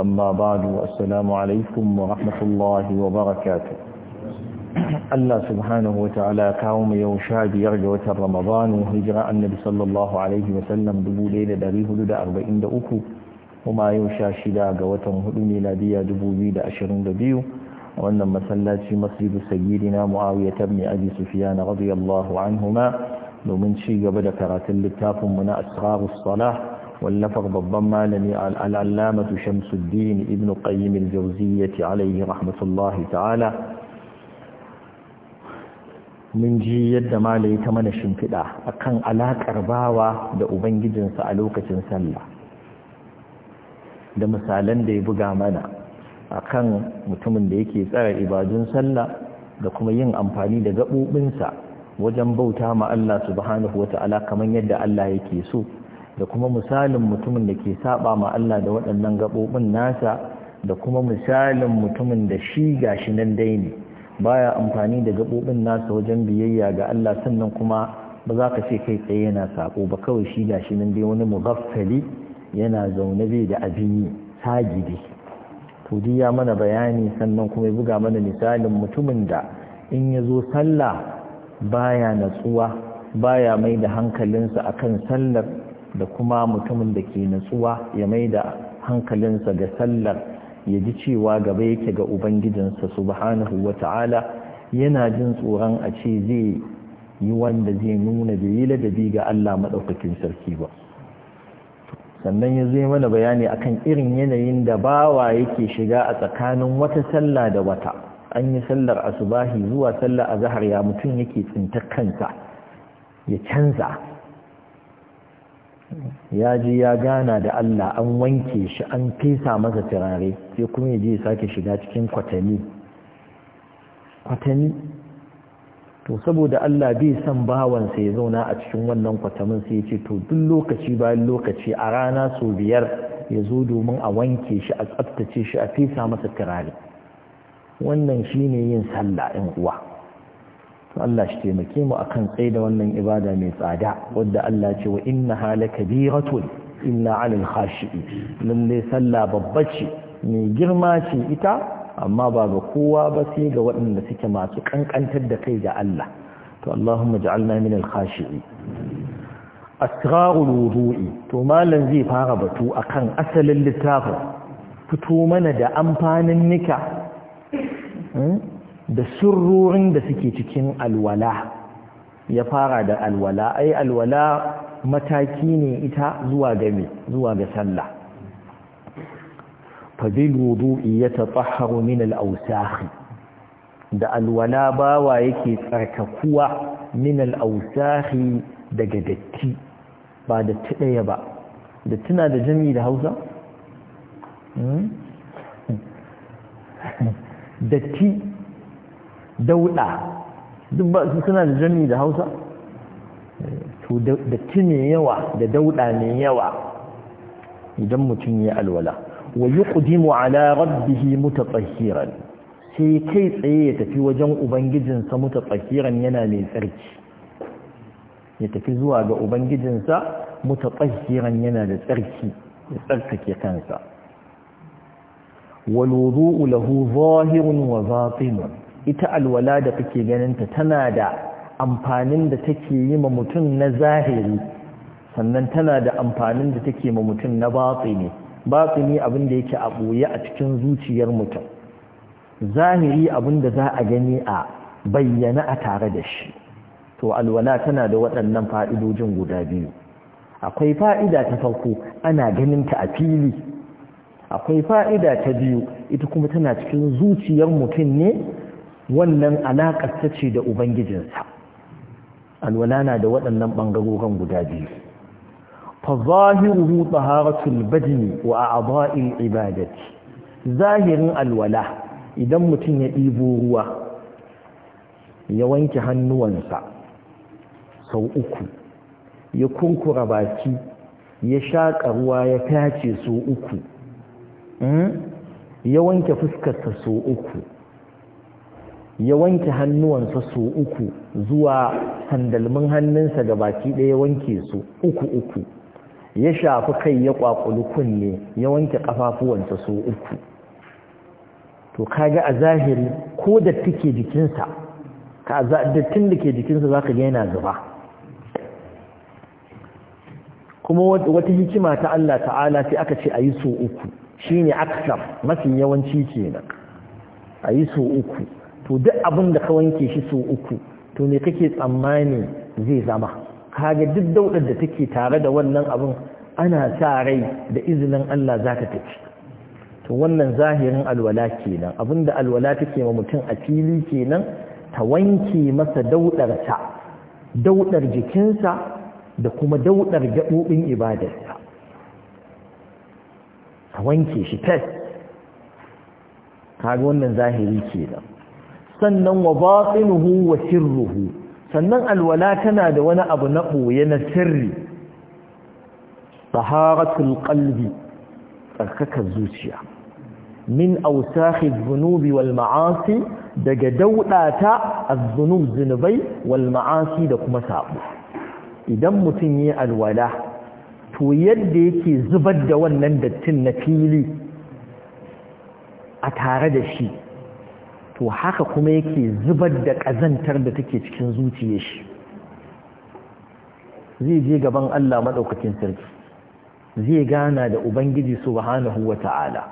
أما بعد والسلام عليكم ورحمة الله وبركاته الله سبحانه وتعالى كاوم يوشاد يرجع وتر رمضان وهجرة النبي صلى الله عليه وسلم دبو ليلة دريه لدى أربعين دأكو وما يوشا شدا قوتهم هدو ميلادية دبو بيد أشرين دبيو وأن مسلاتي مسجد سيدنا معاوية بن أبي سفيان رضي الله عنهما ومن شيء قبل كرات اللتاف من أسرار الصلاة wallafar babban malami al'allamatu shamsuddin ibn qayyim al-jawziyyati alayhi rahmatullahi ta'ala mun je yadda malai ta mana shimfiɗa akan alaƙar bawa da ubangijinsa a lokacin sallah da misalan da ya buga mana akan mutumin da yake tsara ibadun sallah da kuma yin amfani da gaɓoɓinsa wajen bauta ma Allah subhanahu wata'ala kamar yadda Allah yake so da kuma misalin mutumin da ke saba ma Allah da waɗannan gaɓoɓin nasa da kuma misalin mutumin da shi gashi nan dai ne baya amfani da gaɓoɓin nasa wajen biyayya ga Allah sannan kuma ba za ka ce kai tsaye yana saƙo ba kawai shi gashi nan dai wani mughaffali yana zaune bai da abin yi sagidi to duk ya mana bayani sannan kuma ya buga mana misalin mutumin da in ya zo sallah baya natsuwa baya mai da hankalinsa akan sallar da kuma mutumin da ke nutsuwa ya mai da hankalinsa ga sallar ya ji cewa gaba yake ga ubangijinsa subhanahu wa ta'ala yana jin tsoron a ce zai yi wanda zai nuna da yi ladabi ga Allah maɗaukakin sarki ba sannan ya zai mana bayani akan irin yanayin da bawa yake shiga a tsakanin wata sallah da wata an yi sallar asubahi zuwa sallar zahar ya mutum yake tsinta kansa ya canza ya je ya gana da Allah an wanke shi an fesa masa turare sai kuma ya je ya sake shiga cikin kwatami kwatami to saboda Allah bai son bawansa ya zauna a cikin wannan kwatamin sai ya ce to duk lokaci bayan lokaci a rana sau biyar ya zo domin a wanke shi a tsaftace shi a fesa masa turare wannan shine yin sallah in uwa to Allah shi taimake mu akan tsaye da wannan ibada mai tsada wadda Allah ce wa inna hala kabiratun inna alil khashi'i lalle sallah babba ce mai girma ce ita amma ba ga kowa ba sai ga waɗanda suke masu kankantar da kai ga Allah to Allahumma ja'alna min al khashi'i asrarul wudu'i to malam zai fara batu akan asalin littafin fito mana da amfanin nika hmm? da surrorin da suke cikin alwala ya fara da alwala ai alwala mataki ne ita zuwa ga me zuwa ga sallah fadil wudu'i ya tatahharu min al-awsakh da alwala bawa yake tsarkakuwa min al-awsakh daga datti ba da ɗaya ba da tuna da jami da Hausa hmm? datti dauɗa duk ba suna da jami da hausa to da ti yawa da dauɗa mai yawa idan mutum ya alwala wa yi ƙudimu ala rabbihi mutatsahiran sai kai tsaye ya tafi wajen ubangijinsa mutatsahiran yana mai tsarki ya tafi zuwa ga ubangijinsa mutatsahiran yana da tsarki ya tsarkake kansa والوضوء zahirun ظاهر وباطن ita alwala da kake ganinta tana da amfanin da take yi ma mutum na zahiri sannan tana da amfanin da take ma mutum na batsini batsini abin da yake a ɓoye a cikin zuciyar mutum zahiri abin da za a gani a bayyana a tare da shi to alwala tana da waɗannan fa'idojin guda biyu akwai fa'ida ta farko ana ganin ta a fili akwai fa'ida ta biyu ita kuma tana cikin zuciyar mutum ne wannan alaƙar ta ce da ubangijinsa alwala na da waɗannan ɓangarorin guda biyu Fa fazahiruhu taharatul badni wa a'dha'il ibadati zahirin alwala idan mutum ya ɗibo ruwa ya wanke hannuwansa sau uku ya kunkura baki ya shaƙa ruwa ya tace sau uku hmm? ya wanke fuskarsa sau uku ya wanke hannuwansa su uku zuwa sandalmin hannunsa ga baki ɗaya wanke su uku uku ya shafi kai ya kwakuli kunne ya wanke ƙafafuwansa su uku to kaga a zahiri ko da take jikinsa dattin da ke jikinsa za ka ga yana zuba kuma wata hikima ta Allah ta'ala sai aka ce a yi so uku shine aksar mafi yawanci kenan a yi so uku to duk abin da ka wanke shi sau uku to me kake tsammani zai zama kaga duk daudar da take tare da wannan abin ana sa rai da izinin Allah za ta tafi to wannan zahirin alwala kenan abinda alwala take ma mutum a fili kenan ta wanke masa ta daudar jikinsa da kuma daudar gaɓoɓin ibadarsa ta wanke shi tes kaga wannan zahiri kenan sannan wa batinuhu wa sirruhu sannan alwala tana da wani abu na ɓoye na sirri taharatul qalbi tsarkakar zuciya min ausahi zunubi wal ma'asi daga daudata az-zunub zunubai wal ma'asi da kuma sabu idan mutum yi alwala to yadda yake zubar da wannan dattin na fili a tare da shi to haka kuma yake zubar da ƙazantar da take cikin zuciya shi zai je gaban Allah maɗaukakin sarki zai gana da Ubangiji subhanahu wa ta'ala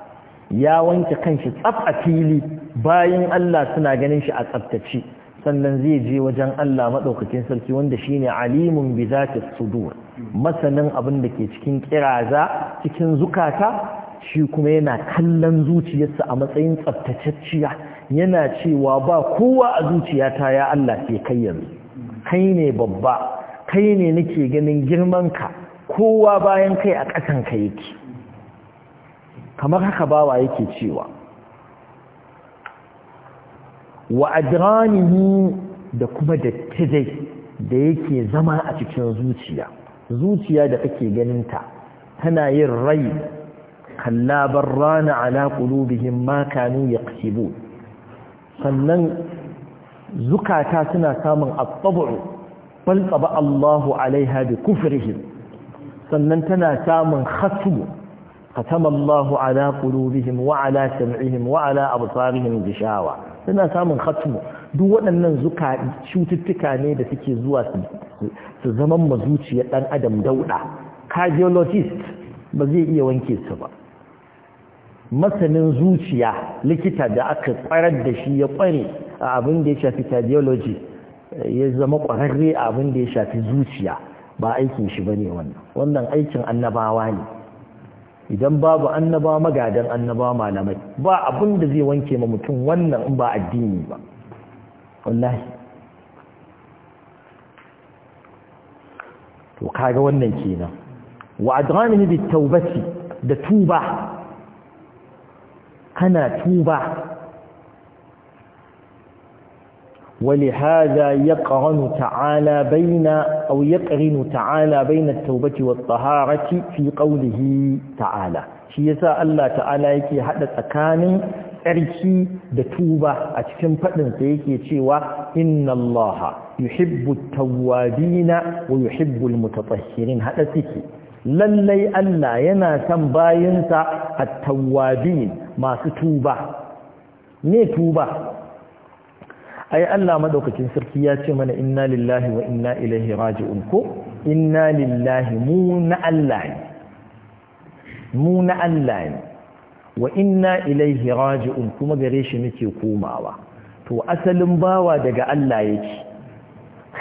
ya wanke kanshi tsaf a fili bayan Allah suna ganin shi a tsaftace sannan zai je wajen Allah maɗaukakin sarki wanda shi ne alimun bi za sudur masanin abin da ke cikin ƙiraza cikin zukata shi kuma yana kallon zuciyarsa a matsayin tsaftatacciya yana cewa ba kowa a zuciyata ya Allah ke kai yanzu kai ne babba kai ne nake ganin girmanka kowa bayan kai a ƙasan ka yake kamar haka bawa yake cewa wa adranihi da kuma dattijai da yake zama a cikin zuciya zuciya da kake ganin ta tana yin rai kallabar rana ala qulubihim ma kanu yaqsibun sannan zukata suna samun asabu bal tsaba Allahu alaiha bi kufrihim sannan tana samun khatu khatama Allahu ala qulubihim wa ala sam'ihim wa ala absarihim gishawa suna samun khatu duk waɗannan zuka cututtuka ne da suke zuwa su zaman mazuciyar ɗan adam dauɗa cardiologist ba zai iya wanke su ba masanin zuciya likita da aka kwarar da shi ya kware a abin da ya shafi cardiology ya zama kwararre a abin da ya shafi zuciya ba aikin shi ba ne wannan wannan aikin annabawa ne idan babu annaba magadan annaba malamai ba abin da zai wanke ma mutum wannan in ba addini ba wallahi to kaga wannan kenan wa adranihi bit tawbati da tuba hana tuba wani haza ya ƙaranu ta'ala baina au ya ƙarinu ta'ala wa tsaharaki fi ƙaunihi ta'ala shi ya sa Allah ta'ala yake haɗa tsakanin ƙarki da tuba a cikin faɗinsa yake cewa inna Allah yuhibbu tawwabina wa yuhibbul mutatsahirin haɗa suke lallai Allah yana son bayinsa a tawwabin masu tuba ne tuba ai Allah madaukakin sarki ya ce mana inna lillahi wa inna ilaihi raji'un ko inna lillahi mu na Allah mu na Allah wa inna ilaihi raji'un kuma gare shi muke komawa to asalin bawa daga Allah yake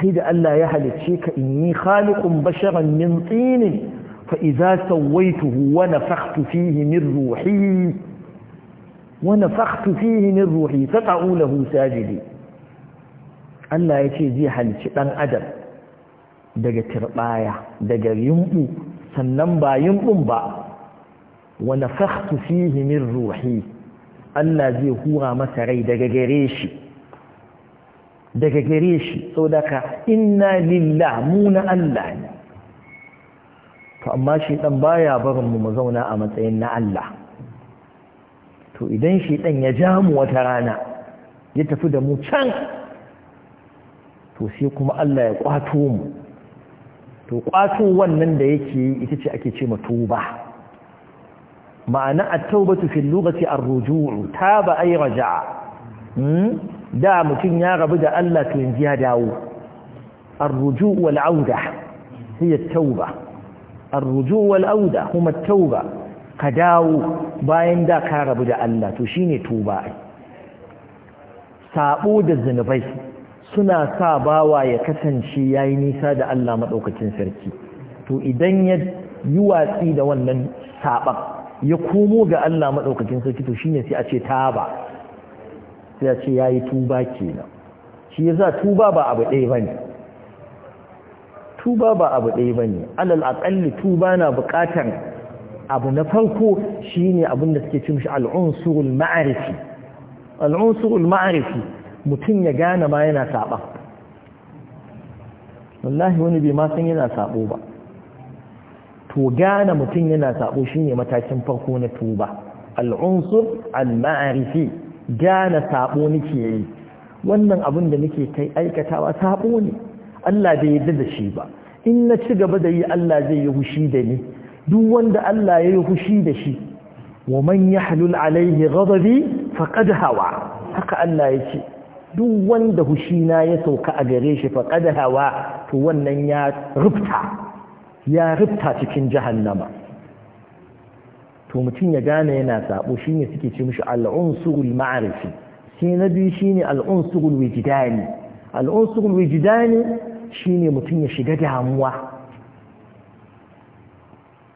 sai da Allah ya halicce ka inni khaliqun basharan min tinin فإذا سويته ونفخت فيه من روحي ونفخت فيه من روحي فقعوا له ساجدي ألا يتيزي حال شئان أدب دقى ترقايا دقى ينبو سننبا ينبا ونفخت فيه من روحي ألا زي هو ما سري دقى قريشي دقى قريشي إنا لله مون الله to amma shaidan baya barin mu mu zauna a matsayin na Allah to idan shaidan ya ja mu wata rana ya tafi da mu can to sai kuma Allah ya kwato mu to kwato wannan da yake yi ita ce ake ce ma tuba ma'ana at-taubatu fil lughati ar-ruju' taba ay raja'a hmm? da mutum ya rabu da Allah to yanzu ya dawo ar-ruju' wal 'auda hiya at-tauba arrujo wal kuma Taura, ka dawo bayan da ka rabu da Allah to shine tuba sabo da zunubai suna sa bawa ya kasance yayi nisa da Allah madaukakin sarki to idan ya yi watsi da wannan sabon ya komo ga Allah madaukakin sarki to shine sai a ce taba sai a ce yayi tuba kenan shi yasa tuba ba abu ɗaya bane tuba ba abu ɗaya ba ne alal aƙalli tuba na buƙatar abu na farko ne abin da suke cin al'unsurul ma'arifi al'unsurul ma'arifi mutum ya gane ma yana saɓa wallahi wani bai ma san yana saɓo ba to gane mutum yana saɓo shine matakin farko na tuba al'unsur al-ma'arifi gane saɓo nake yi wannan abin da nake kai aikatawa saɓo ne Allah bai yadda da shi ba in na ci gaba da yi Allah zai yi hushi da ni duk wanda Allah ya yi hushi da shi wa man yahlul alaihi ghadabi faqad hawa haka Allah ya ce duk wanda hushina ya sauka a gare shi faqad hawa to wannan ya rufta ya rufta cikin jahannama to mutum ya gane yana sabo shine suke ce mishi al-unsurul ma'rifi sai na biyu shine al-unsurul wijdani al-unsurul wijdani shine mutum ya shiga damuwa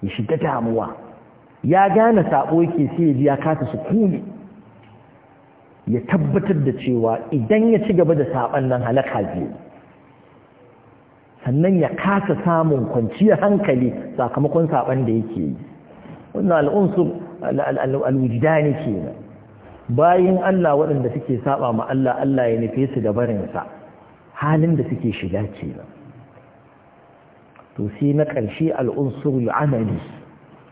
ya shiga damuwa ya gane sabo yake sai ya ji ya kasa kuni ya tabbatar da cewa idan ya ci gaba da saban nan halaka biyu. sannan ya kasa samun kwanciyar hankali sakamakon saban da yake yi wannan al'ujida ne kenan Bayan Allah waɗanda suke saba ma Allah Allah ya nufe su da barinsa halin da suke shiga kenan to sai na ƙarshe al'unsur amali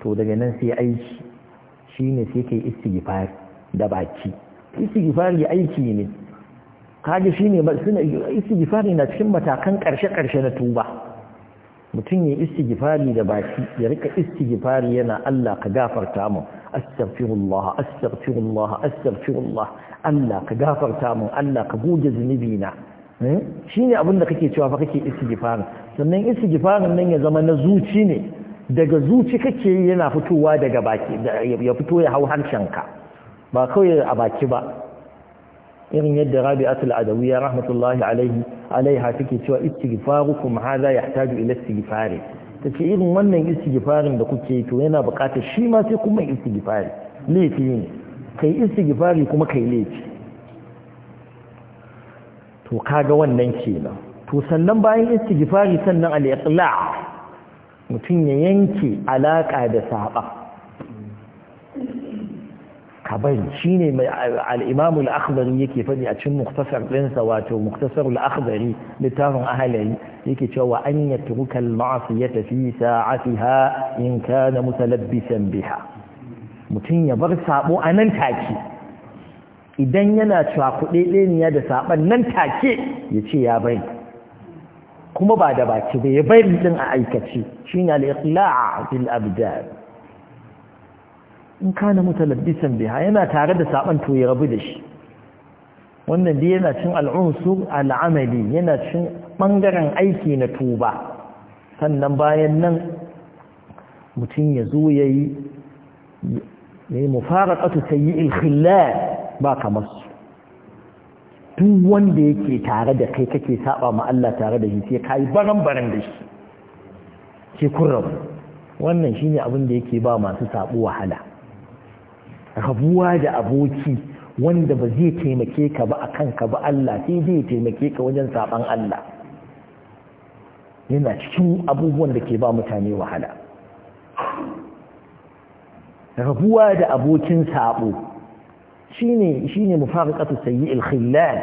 to daga nan sai aiki shine sai ka kai istighfar da baki istighfar ya aiki ne kaga shine suna istighfar na cikin matakan ƙarshe-ƙarshe na tuba mutum ya istighfari da baki ya rika istighfari yana Allah ka gafarta mu astaghfirullah astaghfirullah astaghfirullah Allah ka gafarta mu Allah ka goge zunubi na Eh? shi ne abinda kake cewa fa kake istighfarin sannan istighfarin nan ya zama na zuci ne daga zuci kake yana fitowa daga baki ya fito ya hau harshenka ba kawai a baki ba irin yadda adawu ya rahmatullahi alaihi alaiha take cewa istighfarukum hadha yahtaju ila ta tace irin wannan istighfarin da kuke to yana bukatar shi ma sai kuma istighfari laifi ne kai istighfari kuma kai laifi to kaga wannan kenan to sannan bayan istighfari sannan al-iqla' mutum ya yanke alaka da saba kabari shine mai al-imam al-akhdari yake fadi a cikin muktasar ɗinsa wato muktasar al-akhdari littafin ahlai yake cewa an yatruka al-ma'siyata fi sa'atiha in kana mutalabbisan biha mutum ya bar sabo anan take idan yana cakuɗe ɗaniya da saɓan nan take ya ce ya bai kuma ba da baki ba ya bari ɗin a aikace shi ne a bil abdar in kana mutalabbisan biha yana tare da saɓan to ya rabu da shi wannan dai yana cin al'unsu al'amali yana cin ɓangaren aiki na tuba sannan bayan nan mutum ya zo ya yi ne mufarar ƙasa ta yi ba kamar su duk wanda yake tare da kai kake saba ma Allah tare da shi sai kai baran baran da shi ke kurra wannan shine abin da yake ba masu sabo wahala rabuwa da aboki wanda ba zai taimake ka ba akan ka ba Allah sai zai taimake ka wajen saban Allah yana cikin abubuwan da ke ba mutane wahala rabuwa da abokin sabo shine shine mufariqatu sayyi'il khillal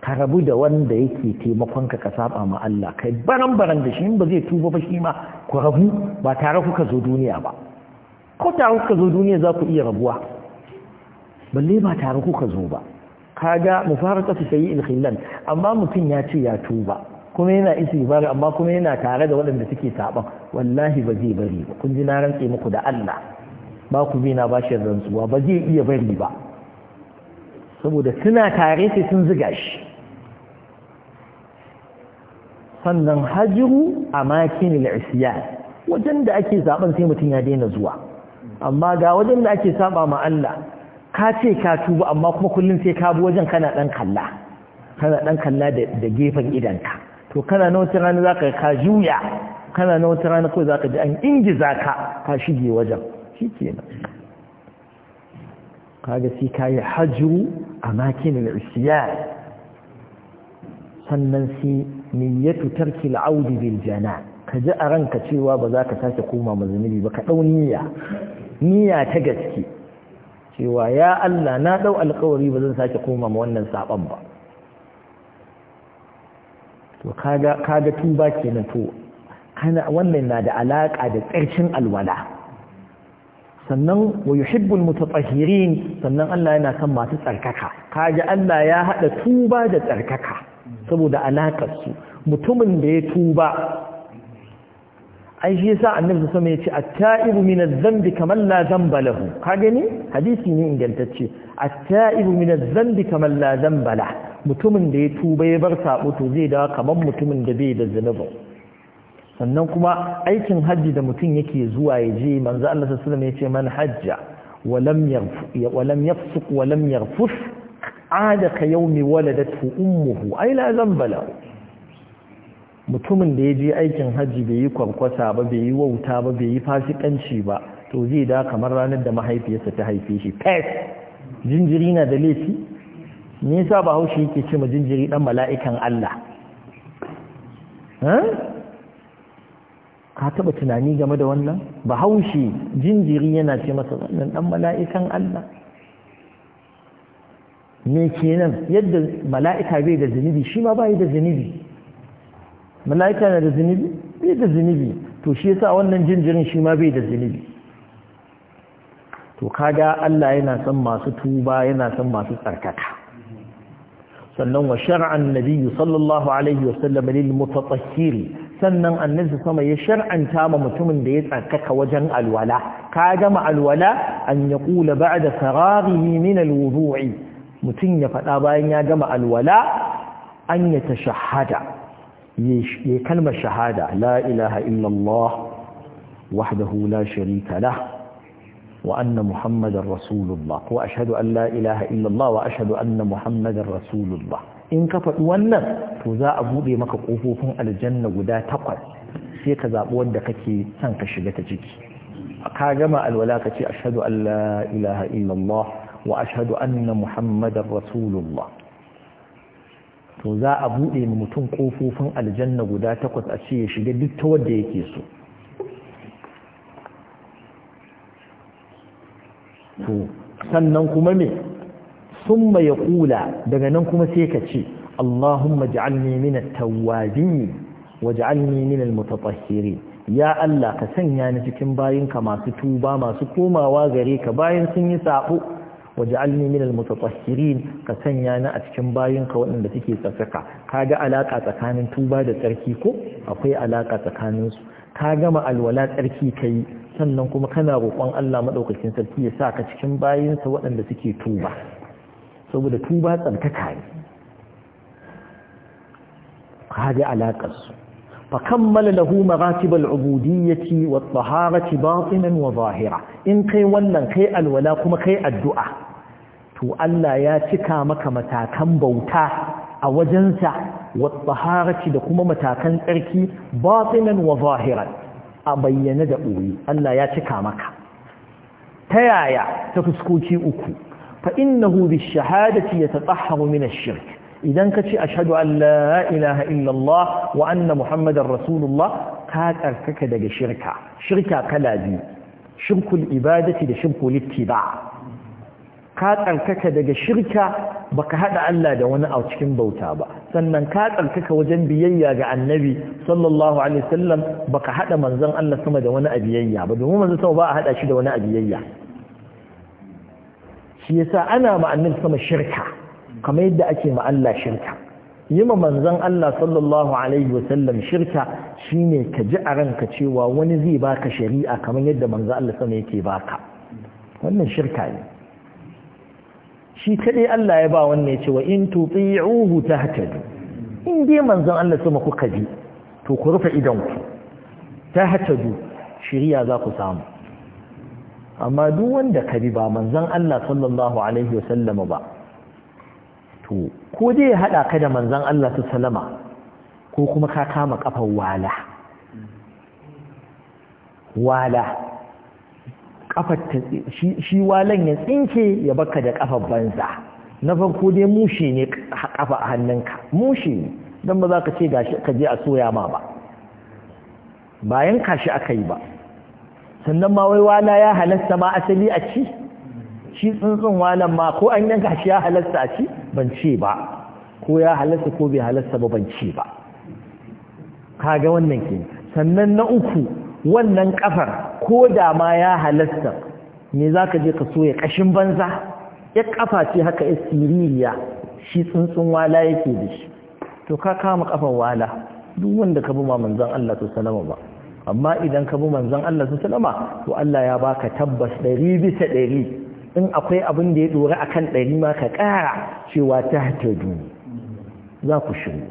ka rabu da wanda yake taimakon ka saba ma Allah kai baran baran da shi ba zai tuba ba shi ma ku rabu ba tare kuka zo duniya ba ko tare kuka zo duniya za ku iya rabuwa balle ba tare kuka zo ba kaga mufaraqatu sayyi'il khillal amma mutum ya ce ya tuba kuma yana istighfar amma kuma yana tare da waɗanda suke saba wallahi ba zai bari ba kun ji na rantse muku da Allah ba ku bi na bashin rantsuwa ba zai iya bari ba saboda suna tare sai sun ziga shi sannan hajiru a makin al'isiya wajen da ake zaben sai mutum ya daina zuwa amma ga wajen da ake saba ma Allah ka ce ka tuba amma kuma kullum sai ka bi wajen kana dan kalla kana dan kalla da gefen idanka to kana na wata rana zaka ka juya kana na wata rana kawai zaka ji an za ka ka shige wajen shikenan kaga sai kai hajru أماكن العصيان sannan sai niyyatu tarki al'audi bil jana ka ji a ranka cewa ba za ka sake koma mazunubi ba ka dau niyya niyya ta gaske cewa ya Allah na dau alƙawari ba zan sake koma ma wannan saban ba to kaga kaga tuba kenan wannan na da alaka da tsarkin alwala sannan wa yuhibbul mutatahhirin sannan Allah yana son masu tsarkaka kaji Allah ya hada tuba da tsarkaka saboda alakar su mutumin da ya tuba ai shi yasa annabi sama yace at-ta'ibu min adh-dhanbi kaman la dhanba lahu ka gani hadisi ne ingantacce at-ta'ibu min adh-dhanbi kaman la dhanba lahu mutumin da ya tuba ya bar sabo to zai dawo kaman mutumin da bai da zunubi sannan kuma aikin hajji da mutum yake zuwa ya je manzo Allah sallallahu alaihi ya ce man hajja walam yarfu walam yafsuq walam yarfus ada ka yawmi waladatu ummuhu ai la zambala mutumin da ya je aikin hajji bai yi kwankwasa ba bai yi wauta ba bai yi fasikanci ba to zai da kamar ranar da mahaifiyarsa ta haife shi pes jinjiri na da laifi me yasa haushi yake ce jinjiri dan mala'ikan Allah ka taba tunani game da wannan bahaushe jinjiri yana ce masa wannan dan mala'ikan Allah me kenan yadda mala'ika bai da zunubi shi ma bai da zunubi mala'ika na da zunubi bai da zunubi to shi yasa wannan jinjirin shi ma bai da zunubi to kaga Allah yana son masu tuba yana son masu tsarkaka sannan wa shar'an nabi sallallahu alaihi wasallam lil mutatahhiri sannan annabi sama ya shar'anta ma mutumin da ya tsarkaka wajen alwala ka gama alwala an ya kula ba'da faraghi min alwudu'i mutum ya fada bayan ya gama alwala an ya tashahhada ya kalmar shahada la ilaha illallah wahdahu la sharika lah wa anna muhammadar rasulullah wa ashhadu an la ilaha illallah wa ashhadu anna muhammadar rasulullah in ka faɗi wannan to za a buɗe maka ƙofofin aljanna guda takwas sai ka zaɓi wanda kake son ka shiga ta ciki ka gama alwala ka ce ashhadu an la ilaha illallah wa ashhadu anna muhammadar rasulullah to za a buɗe mutum ƙofofin aljanna guda takwas a ce ya shiga duk ta wanda yake so to sannan kuma me summa ya kula daga nan kuma sai ka ce Allahumma ja'alni min at-tawwabin wa ja'alni min al-mutatahhirin ya Allah ka sanya ni cikin bayinka masu tuba masu komawa gare ka bayan sun yi sabo min al mutatahhirin ka sanya ni a cikin bayinka waɗanda suke tsafaka kaga alaka tsakanin tuba da tsarki ko akwai alaka tsakanin su ka gama alwala tsarki kai sannan kuma kana roƙon Allah madaukakin sarki ya sa ka cikin bayinsa waɗanda suke tuba saboda tun ba tsantaka ne ka ji alaƙarsu fa kammala da hu maratibar abudiyyaci wa tsaharaci ba tsinan wa zahira in kai wannan kai alwala kuma kai addu’a to Allah ya cika maka matakan bauta a wajensa wa tsaharaci da kuma matakan tsarki ba tsinan a bayyane da ɓoye Allah ya cika maka ta yaya ta fuskoci uku فإنه بالشهادة يتطهر من الشرك إذا كتش أشهد أن لا إله إلا الله وأن محمد رسول الله قاد أركك دق شركة شركة كلادي شرك الإبادة لشرك الاتباع قاد أركك دق شركة بك هذا ألا دون أو تكن بوتابا سنن قاد أركك وجن بيئيا عن النبي صلى الله عليه وسلم بك هذا منزل ألا سمد ون أبيئيا بدون منزل سوى بقى هذا أشد ون أبيئيا shi yasa ana ma'anin sama shirka kamar yadda ake ma shirka yi ma manzon Allah sallallahu alaihi shirka shine ka ji a ranka cewa wani zai baka shari'a kamar yadda manzon Allah sama yake baka wannan shirka ne shi kadai Allah ya ba wannan ya ce wa in tuti'uhu tahtadu in dai manzon Allah sama kuka bi to ku rufe idan ku tahtadu shari'a za ku samu amma duk wanda ka bi ba manzon Allah sallallahu alaihi wasallama ba to ko dai ya hada ka da manzon Allah sallama ko kuma ka kama kafar wala wala kafar shi walan ya tsinke ya baka da ƙafar banza na farko dai mushe ne kafa a hannunka mushe ne don ba za ka ce ka je a soya ma ba bayan kashi aka yi ba sannan ma wai wala ya halasta ma asali a ci shi tsuntsun walan ma ko an yanka shi ya halasta a ci ban ce ba ko ya halasta ko bai halasta ba ban ce ba kaga wannan ke sannan na uku wannan kafar ko da ma ya halasta me ka je ka soya kashin banza ya kafa ce haka ya siririya shi tsuntsun wala yake da shi to ka kama kafar wala duk wanda ka bi ma manzan Allah to salama ba amma idan ka bi manzon Allah sallama to Allah ya baka tabbas ɗari bisa ɗari in akwai abin da ya dora akan ɗari ma ka ƙara cewa ta hatadu za ku shirya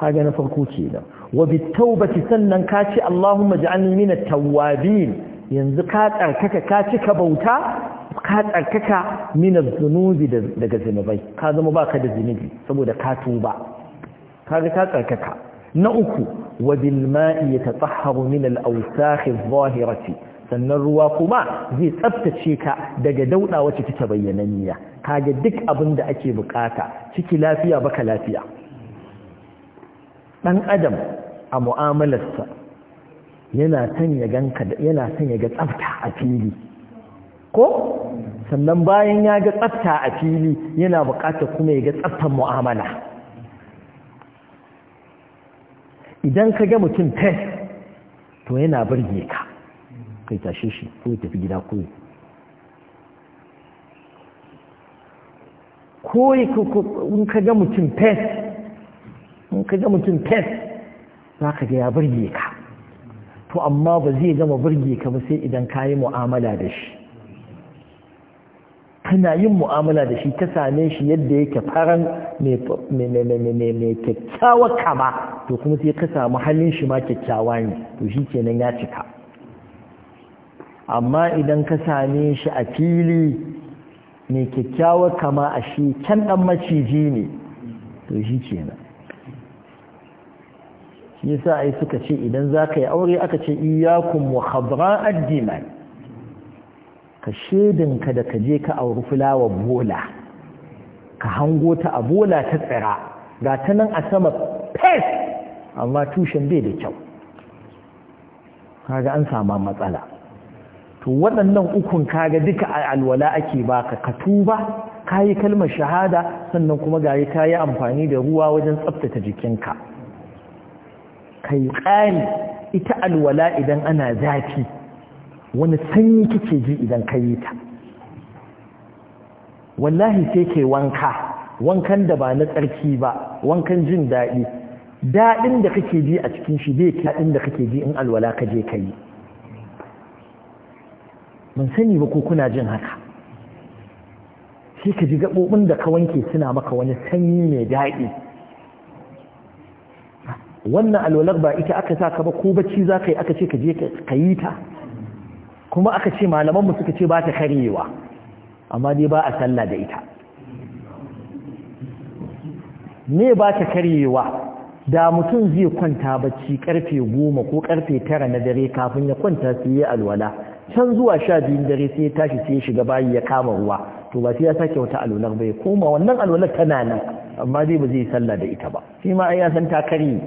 kaga na farko ke nan wa bi taubati sannan ka ce Allahumma ja'alni min at-tawwabin yanzu ka tsarkaka ka cika bauta ka tsarkaka min az-zunubi daga zinubai ka zama baka da zunubi saboda ka tuba kaga ka tsarkaka na uku wa bil ma'i yatatahharu min al awsakh al zahirati sannan ruwa kuma zai tsaftace ka daga dauda wacce take bayyananniya kage duk abin da ake bukata ciki lafiya baka lafiya dan adam a mu'amalarsa yana son ya ga tsafta a fili ko sannan bayan ya ga tsafta a fili yana bukatar kuma ya ga tsaftar mu'amala idan ka ga mutum fes to yana birge ka kai tashe shi ko ya tafi gida koyi ko in ka ga mutum fes in ka ga mutum za ka ga ya birge ka to amma ba zai gama birge ka ba sai idan ka yi mu'amala da shi kana yin mu'amala da shi ta same shi yadda yake faran mai kyakkyawa kama to kuma sai ka samu halin shi ma kyakkyawa ne to shi kenan ya cika amma idan ka same shi a fili mai kyakkyawa kama a shi can dan maciji ne to shi kenan shi yasa ai suka ce idan za ka yi aure aka ce iyakun wa addinai. ka shedinka da ka je ka auri fulawa bola ka hango ta a bola ta tsira ga ta nan a sama pes amma tushen bai da kyau kaga an sama matsala to waɗannan ukun kaga duka a alwala ake baka ka tuba ka yi kalmar shahada sannan kuma gari kayi amfani da ruwa wajen tsabtata jikinka kai ƙari ita alwala idan ana zafi wani sanyi kike ji idan ka yi ta wallahi sai ke wanka wankan da ba na tsarki ba wankan jin daɗi daɗin da kake ji a cikin shi bai daɗin da kake ji in alwala ka je ka yi ban sani ba ko kuna jin haka sai ka ji gaɓoɓin da ka wanke suna maka wani sanyi mai daɗi wannan alwalar ba ita aka sa ka ba ko bacci za ka yi aka ce ka je ka yi ta kuma aka ce malamanmu suka ce ba ta karyewa amma dai ba a sallah da ita ne ba ta karyewa da mutum zai kwanta bacci karfe goma ko karfe tara na dare kafin ya kwanta su yi alwala can zuwa sha biyun dare sai ya tashi sai ya shiga bayi ya kama ruwa to ba sai ya sake wata alwalar bai koma wannan alwalar tana nan amma zai ba zai sallah da ita ba shi ma ai ya san ta karye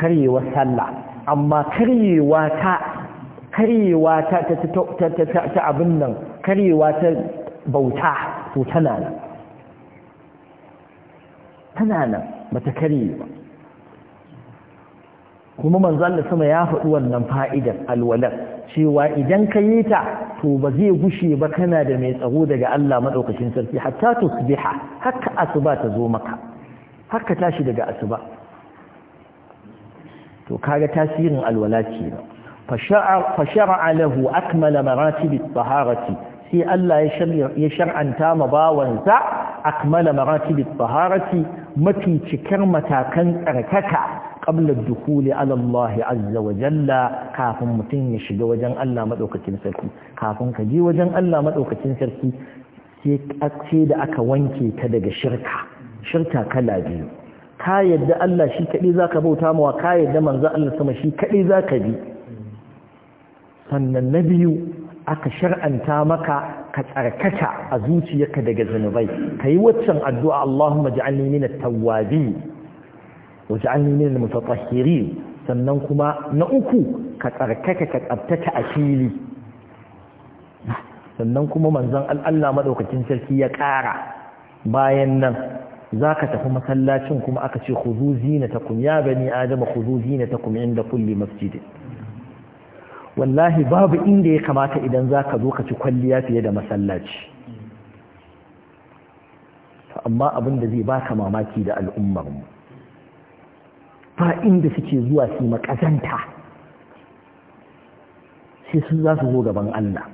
karyewar sallah amma karyewa ta karyewa ta ta abin nan karyewa ta bauta to tana nan tana nan bata karye ba kuma manzon da sama ya faɗi wannan fa'idar alwalar cewa idan ka yi ta to ba zai gushe ba kana da mai tsaro daga Allah maɗaukacin sarki hatta tusbiha haka asuba ta zo maka haka tashi daga asuba to kaga tasirin alwala kenan fashara alahu akmala maratibi taharati sai Allah ya shar'anta ma bawansa akmala maratibi taharati mafi cikar matakan tsarkaka ƙamlar dukuli alallahi azawajalla kafin mutum ya shiga wajen Allah maɗaukacin sarki kafin ka ji wajen Allah maɗaukacin sarki sai da aka wanke ta daga shirka shirka kala biyu ka Allah shi kaɗe za ka bauta wa ka yadda manzo Allah sama shi kaɗai zaka bi sannan na biyu aka shar'anta maka ka tsarkaka a zuciyarka daga zunubai ka yi waccan addu'a Allahumma ja'alni min at-tawwabin wa ja'alni min al sannan kuma na uku ka tsarkaka ka tsabtata a fili sannan kuma manzon Allah maɗaukacin sarki ya ƙara bayan nan zaka tafi masallacin kuma aka ce khudu zinatakum ya bani adama khudu zinatakum inda kulli masjidin wallahi babu inda ya kamata idan za ka zo ka ci kwalliya fiye da masallaci amma abin da zai baka mamaki da al'ummarmu ba inda suke zuwa su makazanta sai su za su zo gaban Allah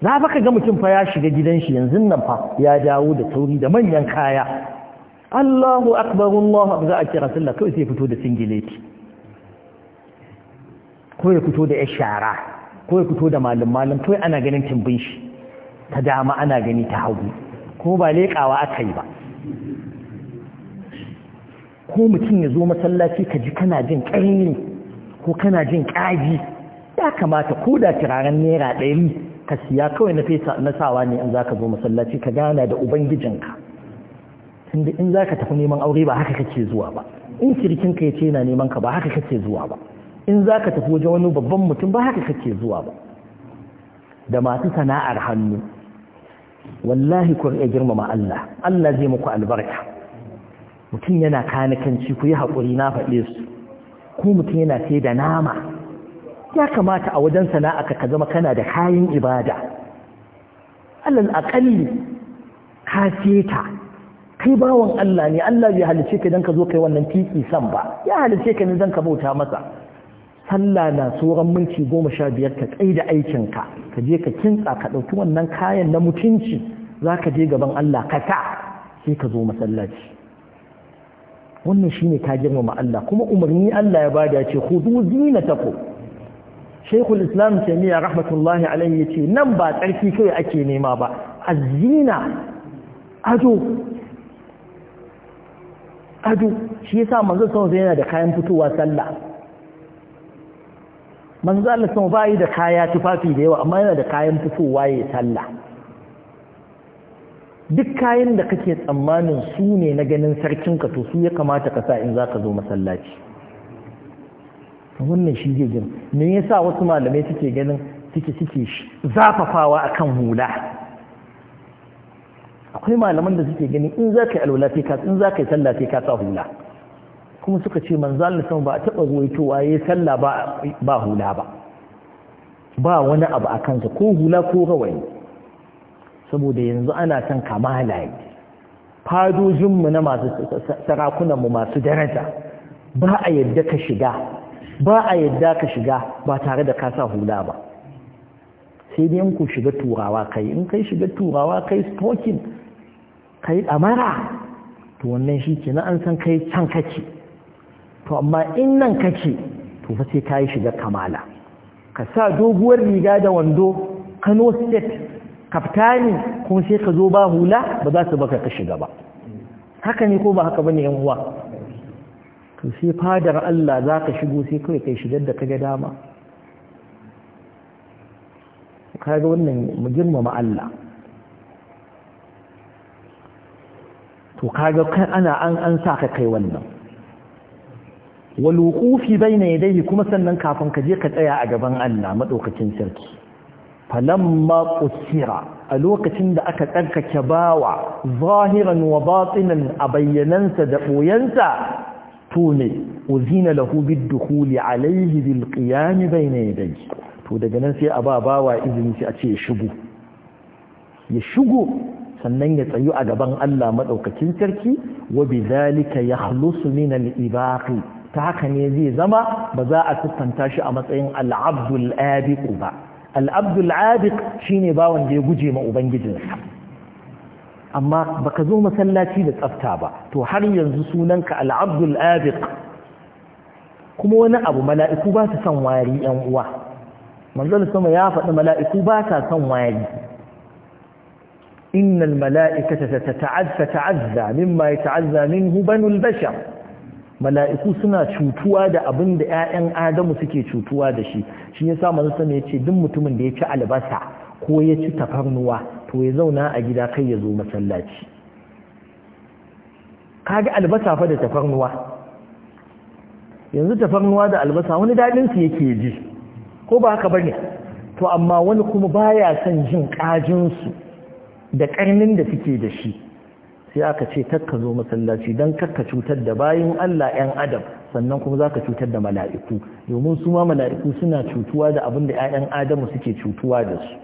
za ka ga mutum fa ya shiga gidan shi yanzu nan fa ya dawo da tauri da manyan kaya Allahu akbar Allahu akbar za a kira sallah kawai sai fito da singileti ko ya fito da 'yar shara ko ya fito da malin-malin kawai ana ganin timbin shi ta dama ana gani ta hagu ko ba leƙawa aka yi ba ko mutum ya zo masallaci ka ji kana jin ƙarni ko kana jin ƙaji ya kamata ko da turaren naira ɗari ka siya kawai na fesa na sawa ne in za ka zo masallaci ka gana da ubangijinka inda in za ka tafi neman aure ba haka kake zuwa ba in kirkinka ya ce yana neman ka ba haka kake zuwa ba in za ka tafi wajen wani babban mutum ba haka kake zuwa ba da masu sana'ar hannu wallahi ku riƙa girmama Allah Allah zai muku albarka mutum yana kanikanci ku yi haƙuri na faɗe su ko mutum yana sai da nama ya kamata a wajen sana'a ka zama kana da kayan ibada alal aƙalli ka seta kai bawan Allah ne Allah bai halice ka dan ka zo kai wannan titi san ba ya halice ka ne dan ka bauta masa sallah na tsoron minti goma sha biyar ka tsaye da aikinka ka je ka kintsa ka ɗauki wannan kayan na mutunci za ka je gaban Allah ka ta sai ka zo masallaci wannan shine ka girmama Allah kuma umarni Allah ya bada ya ce ta ko shekul Islam miya rahmatullahi alaihi ce nan ba tsarki kai ake nema ba azina ado ado shi yasa manzo sallallahu yana da kayan fitowa sallah manzo Allah sama ba yi da kaya tufafi da yawa amma yana da kayan fitowa ya talla duk kayan da kake tsammanin su ne na ganin sarkin to su ya kamata ka sa in za zo masallaci wannan shi zai gina me yasa wasu malamai suke ganin suke suke zafafawa akan hula akwai malaman da suke ganin in za yi alwala sai ka in zaka yi sallah sai ka sa hula kuma suka ce manzo Allah sama ba a taba ruwaitowa Ya sallah ba ba hula ba ba wani abu a kansa ko hula ko rawayi saboda yanzu ana son halaye fadojinmu na masu sarakunanmu masu daraja ba a yadda ka shiga ba a yadda ka shiga ba tare da kasa hula ba sai dai ku shiga turawa kai in kai shiga turawa kai stokin kai amara to wannan shi ke na an san kai can kake to amma in nan kake to fa sai kai shiga kamala ka sa doguwar riga da wando kano state kaftani kuma sai ka zo ba hula ba za su baka ka shiga ba haka ne ko ba haka bane yan uwa to sai fadar Allah za ka shigo sai kai kai shigar da kaga dama kaga wannan mu girmama Allah to kaga ana an an saka ka kai wannan walwukufi bai na yadaihi kuma sannan kafin ka je ka tsaya a gaban Allah maɗaukacin sarki falamma kusira a lokacin da aka tsarkake bawa zahiran wa batinan a bayyanansa da ɓoyensa. to ne uzina lahu biddukuli alaihi bil qiyami bayna yadayhi to daga nan sai a ba bawa izini sai a ce ya shigo ya shigo sannan ya tsayu a gaban Allah maɗaukacin sarki wa bidhalika yakhlusu min al ibaqi ta haka ne zai zama ba za a siffanta shi a matsayin al'abdul abiq ba al'abdul shi shine bawan da ya guje ma ubangijinsa amma baka zo masallaci da tsafta ba to har yanzu sunanka al'abdul abiq kuma wani abu mala'iku ba su son wari yan uwa manzon sama ya faɗi mala'iku ba sa son wari innal mala'ikata tata'azza ta'azza mimma yata'azza min hubanul bashar mala'iku suna cutuwa da abin da 'ya'yan adamu suke cutuwa da shi shi yasa manzo sama ce duk mutumin da ya ci albasa ko ya ci tafarnuwa to ya zauna a gida kai ya zo masallaci kaga albasa fa da tafarnuwa yanzu tafarnuwa da albasa wani dadin su yake ji ko ba haka bane to amma wani kuma baya son jin kajin su da karnin da suke da shi sai aka ce takka zo masallaci don karka cutar da bayan Allah 'yan adam sannan kuma za ka cutar da mala'iku domin su ma mala'iku suna cutuwa da abin da 'ya'yan adamu suke cutuwa da su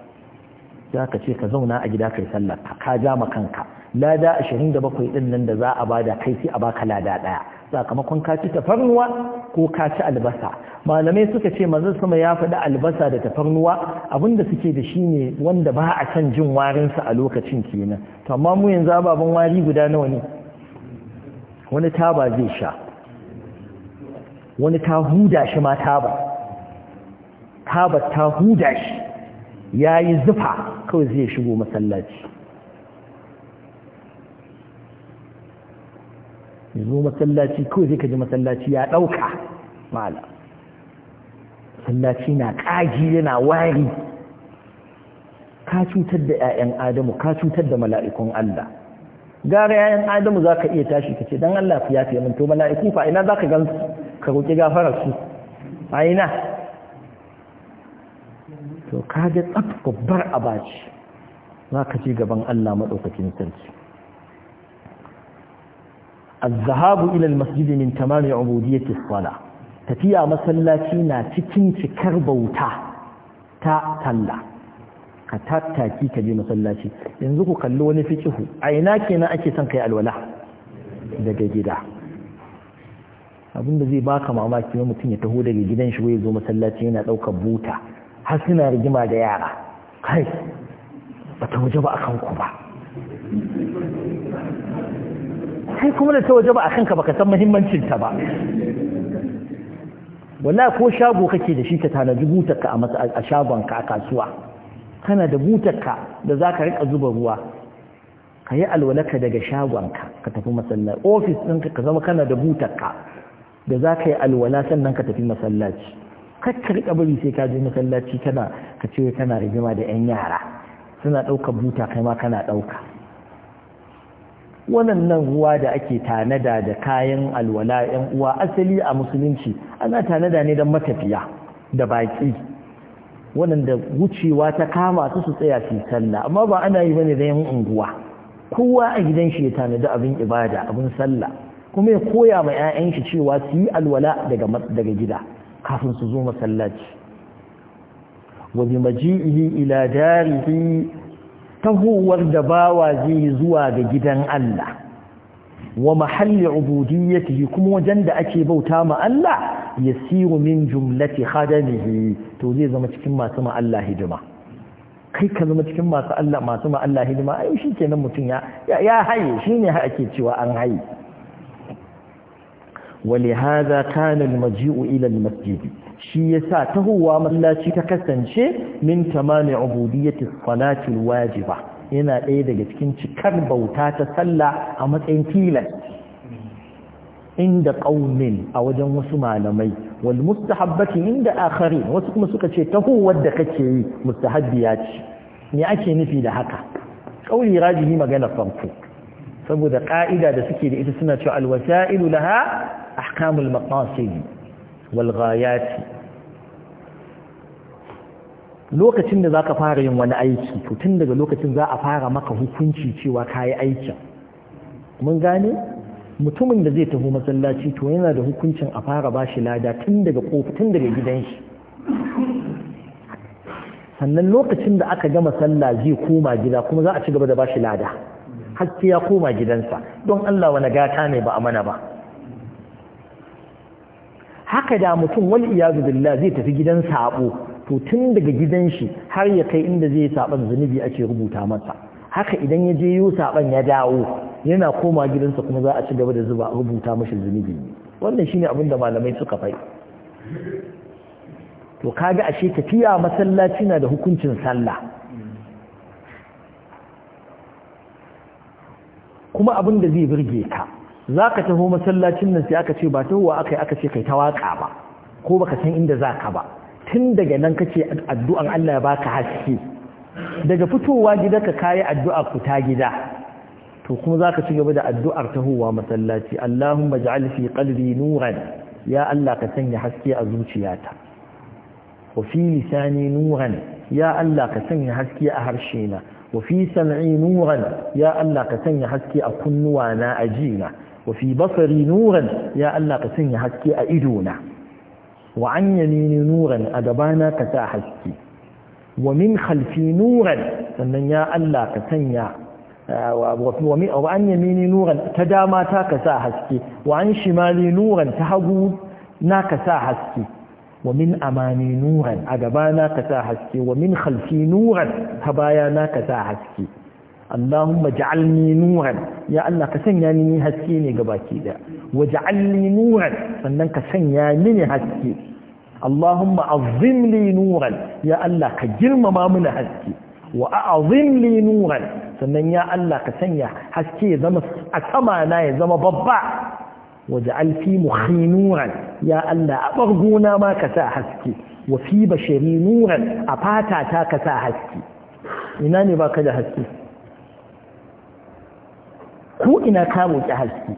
za ka ce ka zauna a gida kai sallar ka ja ma kanka lada 27 din nan da za a bada kai sai a baka lada daya sakamakon ka ci tafarnuwa ko ka ci albasa malamai suka ce manzon sama ya faɗi albasa da tafarnuwa abinda suke da shi ne wanda ba a san jin warinsa a lokacin kenan to amma mu yanzu ababen wari guda nawa ne wani taba zai sha wani ta huda shi ma taba taba ta huda shi ya yi zufa kawai zai shigo masallaci ya zo masallaci kawai zai ka ji masallaci ya ɗauka mala masallaci na ƙagi yana wari ka cutar da 'ya'yan adamu ka cutar da mala'ikun Allah gara 'ya'yan adamu za ka iya tashi ka ce don Allah ya fiye min to mala'iku fa ina za ka gan ka roƙi gafarar su a ina to ka ga tsaf babbar abaci za ka ci gaban Allah maɗaukacin sarki masallaci na المسجد من تمام عبودية الصلاة ka مسلاتينا تكين تكر بوتا تا تلا كتاتاكي كجي مسلاتي a قلوني kenan ake أكي kayi الولا daga gida abinda zai baka mamaki wani mutum ya taho daga gidan shi ya zo masallaci yana ɗaukar buta har suna rigima da yara kai ba ta waje ba a kanku ba kai kuma da ta waje ba a kanka baka san muhimmancin ta ba walla ko shago kake da shi ka tanaji butarka a shagon a shagonka a kasuwa kana da butarka da za ka rika zuba ruwa ka yi alwalaka daga shagonka ka tafi masallaci ofis ɗinka ka zama kana da butarka da za ka yi alwala sannan ka tafi masallaci kakka rika bari sai ka je masallaci kana ka ce kana rigima da 'yan yara suna ɗaukar buta kai ma kana ɗauka wannan ruwa da ake tanada da kayan alwala ‘yan uwa asali a musulunci ana tanada ne don matafiya da baƙi da wucewa ta kama su su tsaya su sallah amma ba ana yi bane da yan unguwa kowa a gidan shi ya tanadi abin ibada abin sallah kuma ya koya ma 'ya'yan shi cewa su yi alwala daga daga gida kafin su zo masallaci wa bi maji'ihi ila darihi tahowar da bawa zai zuwa ga gidan Allah wa mahalli ubudiyyatihi kuma wajen da ake bauta ma Allah ya siru min jumlati khadamihi to zai zama cikin masu ma Allah hidima kai ka zama cikin masu Allah masu ma Allah hidima ai shi kenan mutum ya ya haye shine har ake cewa an haye ولهذا كان المجيء إلى masjidi. shi yasa huwa masallaci ta kasance min tamami ubudiyyati salati wajiba yana ɗaya daga cikin cikar bauta ta sallah a matsayin tilas inda ƙaunin a wajen wasu malamai wal mustahabbati inda akari wasu kuma suka ce tahowar da kake yi mustahabbiya ce me ake nufi da haka kauli rajihi magana farko saboda ƙa'ida da suke da ita suna cewa alwasailu laha ahkamul maqasid wal ghayat lokacin da za ka fara yin wani aiki to tun daga lokacin za a fara maka hukunci cewa ka yi aikin mun gane mutumin da zai taho masallaci to yana da hukuncin a fara ba shi lada tun daga kofi tun daga gidan shi sannan lokacin da aka gama sallah zai koma gida kuma za a ci gaba da ba shi lada hakki ya koma gidansa don Allah wani gata ne ba a mana ba haka da mutum wani iyazu billah zai tafi gidan saɓo to tun daga gidan shi har ya kai inda zai saban zunubi ake rubuta masa haka idan ya je yiwu saban ya dawo yana koma gidansa kuma za a ci gaba da zuba rubuta mashi zunubi wannan shine abin da malamai suka fai to kaga ashe tafiya masallaci na da hukuncin sallah kuma abin da zai birge ka za ka taho masallacin nan sai aka ce ba ta huwa aka yi aka ce kai ta waka ba ko baka san inda za ka ba tun daga nan kake addu'an Allah ya baka haske daga fitowa gida ka kayi addu'a fita gida to kuma zaka ci gaba da addu'ar tahuwa masallaci Allahumma ij'al fi qalbi nuran ya Allah ka sanya haske a zuciyata wa fi lisani nuran ya Allah ka sanya haske a harshe na wa fi sam'i nuran ya Allah ka sanya haske a kunnuwa a ajina wa fi basari nuran ya Allah ka sanya haske a idona wa an yamini nuran a gabana ka sa haske wa min khalfi nuran sannan ya Allah ka sanya eh, wa an yamini nuran ta dama ta ka sa haske wa an shimali nuran ta hagu na ka sa haske wa min amani nuran a gabana ka sa haske wa min khalfi nuran ta baya na ka sa haske Allahumma ja'alni nuran ya Allah ka sanya ni haske ne gabaki da waj'alni nuran sannan ka sanya ni haske Allahumma azim li nuran ya Allah ka girmama mini haske wa a'zim li nuran sannan ya Allah ka sanya haske ya zama a sama na ya zama babba waj'al fi mukhi nuran ya Allah a bargona ma ka sa haske wa fi bashari nuran a fata ta ka sa haske ina ne baka da haske ko ina ka roƙi haske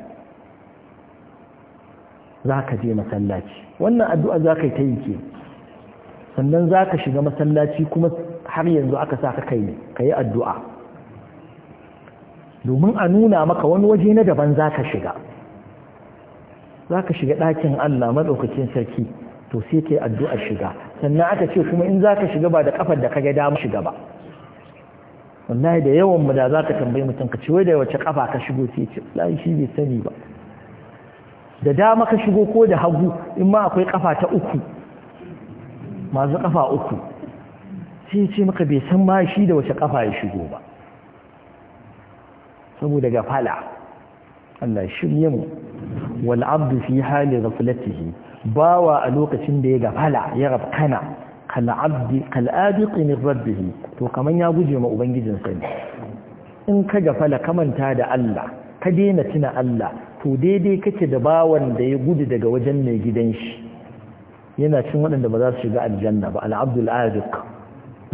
za ka je masallaci wannan addu'a za ka yi ta yi ke sannan za ka shiga masallaci kuma har yanzu aka sa ka kai ne ka yi addu'a domin a nuna maka wani waje na daban za ka shiga za ka shiga ɗakin Allah maɗaukacin sarki to sai ka yi addu'ar shiga sannan aka ce kuma in za ka shiga ba da ƙafar da ka ga dama shiga ba wallahi da yawan mu da za ka tambayi mutum ka ce wai da wace kafa ka shigo sai ce wallahi shi bai sani ba da dama ka shigo ko da hagu in ma akwai kafa ta uku masu kafa uku sai ce maka bai san ma shi da wace kafa ya shigo ba saboda ga fala Allah ne mu wal abdu fi hali ghaflatihi bawa a lokacin da ya gafala ya rafkana kal'abdi kal'abiqi min rabbih to kaman ya guje ma ubangijin sa ne in ka gafala kamanta da Allah ka daina tuna Allah to daidai kake da bawan da ya gudu daga wajen mai gidan shi yana cin waɗanda ba za su shiga aljanna ba al'abdul abiq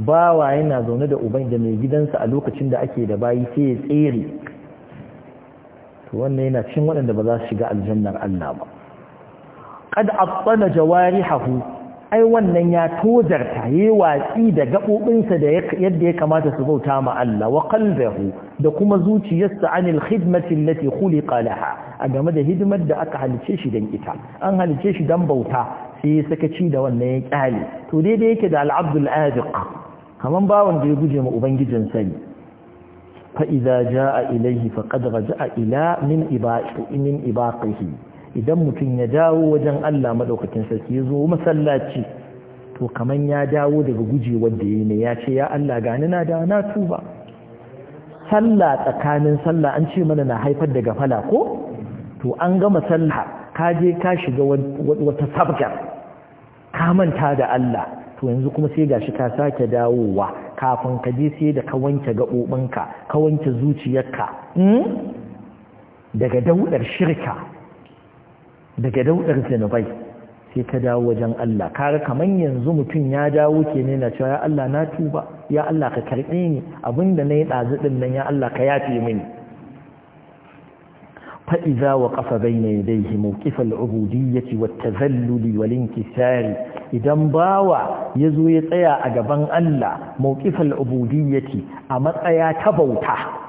bawa yana zaune da uban da mai gidansa a lokacin da ake da bayi sai ya tsere to wannan yana cin waɗanda ba za su shiga aljannar Allah ba qad attana jawarihahu ai wannan ya tozarta yi watsi da gaɓoɓinsa da yadda ya kamata su bauta ma Allah wa qalbahu da kuma zuciyarsa anil khidmati lati khuliqa laha a game da hidimar da aka halice shi dan ita an halice shi dan bauta sai ya sakaci da wannan ya kyale to daidai yake da al-abdul kaman bawan da ya guje ma ubangijin sani fa idza jaa ilayhi faqad raja'a ila min min ibaqihi idan mutum ya dawo wajen Allah madaukakin sarki ya zo masallaci to kaman ya dawo daga guje wanda ya ne ya ce ya Allah gani na da na tuba sallah tsakanin sallah an ce mana na haifar da gafala ko to an gama sallah ka je ka shiga wata sabga ka manta da Allah to yanzu kuma sai gashi ka sake dawowa kafin ka je sai da ka wanke gaɓoɓinka ka wanke zuciyarka hmm? daga dauɗar shirka daga dauɗar zanubai sai ka dawo wajen Allah kare kamar yanzu mutum ya dawo ke ne na cewa ya Allah na tuba ya Allah ka karɓe ni abinda na yi ɗazu ɗin nan ya Allah ka yafe mini Fa'iza za wa ƙasa zai na yadda yi mawkifar rubudi ya ci wata zalluli wa linki idan bawa ya zo ya tsaya a gaban Allah mawkifar rubudi ya ci a matsaya ta bauta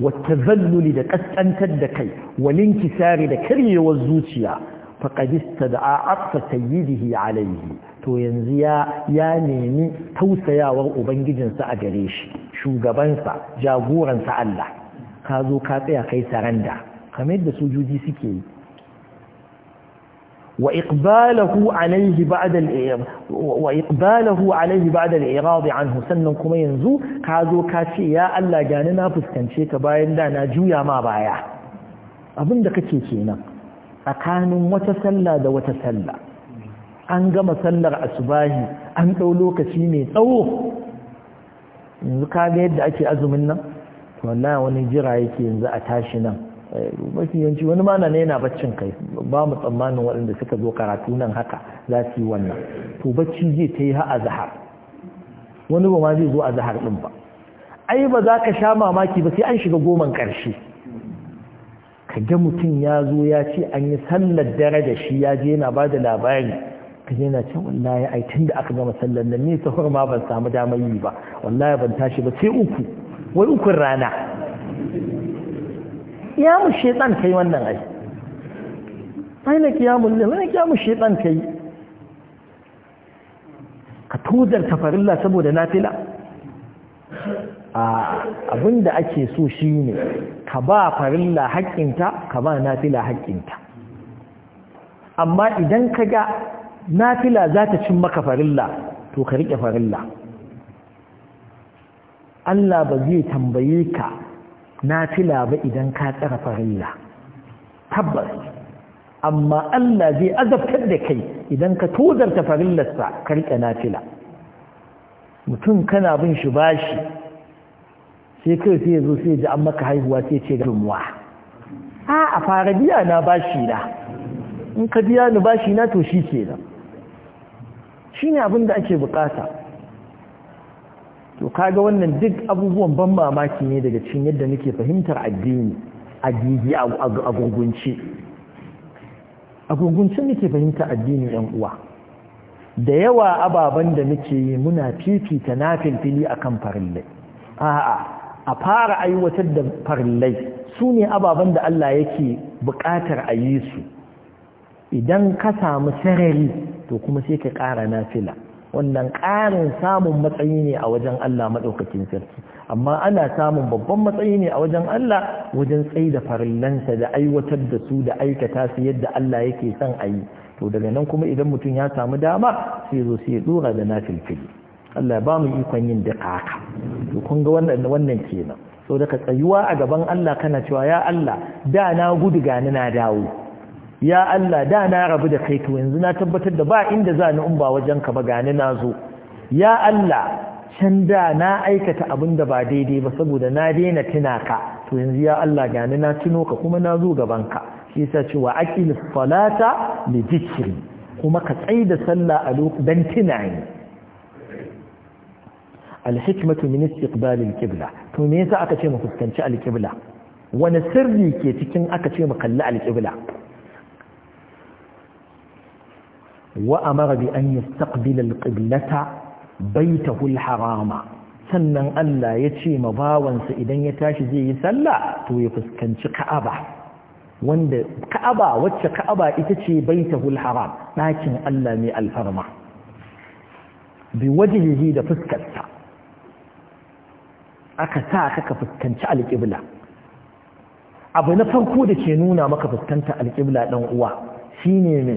zalluli da kaskantar da kai walinki sari da karyewar zuciya faqadista da a aqsa sayyidihi alayhi to yanzu ya ya nemi tausayawar ubangijin a gare shi shugabansa, jagoransa Allah ka zo ka tsaya kai saranda kamar yadda sojoji suke yi وإقباله عليه بعد وإقباله عليه بعد الإعراض عنه سنن كما ينزو كازو كاتي يا الله جاننا فسكنشي كباين دانا جويا ما بايا أبن دكتي كينا أكانوا وتسلى دا وتسلى أنقم سلغ أسباهي أن تولوك سيمي أوه yanzu ka ga yadda ake azumin nan wallahi wani jira yake yanzu a tashi nan mafi yanci wani ma na yana baccin kai ba mu tsammanin waɗanda suka zo karatu nan haka za su yi wannan to bacci zai ta yi ha'a zahar wani ba ma zai zo a zahar ɗin ba ai ba za ka sha mamaki ba sai an shiga goman ƙarshe ka ga mutum ya zo ya ce an yi sallar dare da shi ya je yana ba da labari ka je yana ce wallahi ai tun da aka gama sallar nan ne sahur ma ban samu damar yi ba wallahi ban tashi ba sai uku wai ukun rana kiyamun shaitan kai wannan ai ai na kiyamun ne wani kiyamun shaitan kai ka tozar tafarilla saboda nafila a abinda ake so shine ka ba farilla haƙƙinta ka ba nafila haƙƙinta amma idan ka ga nafila za ta cin maka farilla to ka riƙe farilla Allah ba zai tambaye ka na fila ba idan ka tsara farilla tabbas amma Allah zai azabtar da kai idan ka tozarta farillarsa ka riƙe na fila mutum kana bin shi bashi sai kai sai ya zo sai ji an maka haihuwa sai ce gudunmuwa a a fara biya na bashi na in ka biya ni bashi na to shi ke nan shi ne abin da ake bukata to kaga wannan duk abubuwan ban mamaki ne daga cikin yadda muke fahimtar addini a gigi a gurgunci a gungunci muke fahimtar addini yan uwa da yawa ababen da muke yi muna fifita na filfili a kan farillai a'a a fara aiwatar da farillai su ne ababen da Allah yake buƙatar a yi su idan ka samu sarari to kuma sai ka ƙara na fila wannan ƙarin samun matsayi ne a wajen Allah maɗaukakin sarki amma ana samun babban matsayi ne a wajen Allah wajen tsayi da farillansa da aiwatar da su da aikata su yadda Allah yake son a yi to daga nan kuma idan mutum ya samu dama sai zo sai dora da nafilfili Allah ba mu ikon yin duka to kun ga wannan wannan kenan so daga tsayuwa a gaban Allah kana cewa ya Allah da na gudu ga ni na dawo ya Allah da na rabu da kai to yanzu na tabbatar da ba inda za ni in ba wajen ka ba gani na zo ya Allah can da na aikata abin da ba daidai ba saboda na daina tuna ka to yanzu ya Allah gani na tuno ka kuma na zo gaban ka shi yasa cewa aqil salata li dhikri kuma ka tsaida sallah a lokacin dan tunani al-hikmatu min istiqbal al-qibla to me yasa aka ce mu fuskanci al-qibla wani sirri ke cikin aka ce mu kalli al wa amara bi an bai alqiblata sannan Allah ya ce ma bawansa idan ya tashi zai yi sallah to ya fuskanci Ka'aba wanda Ka'aba wacce Ka'aba ita ce baitahul haram ɗakin Allah mai alfarma bi wajhihi da fuskarsa aka sa ka ka fuskanci alƙibla abu na farko da ke nuna maka fuskanta alƙibla ɗan uwa shine ne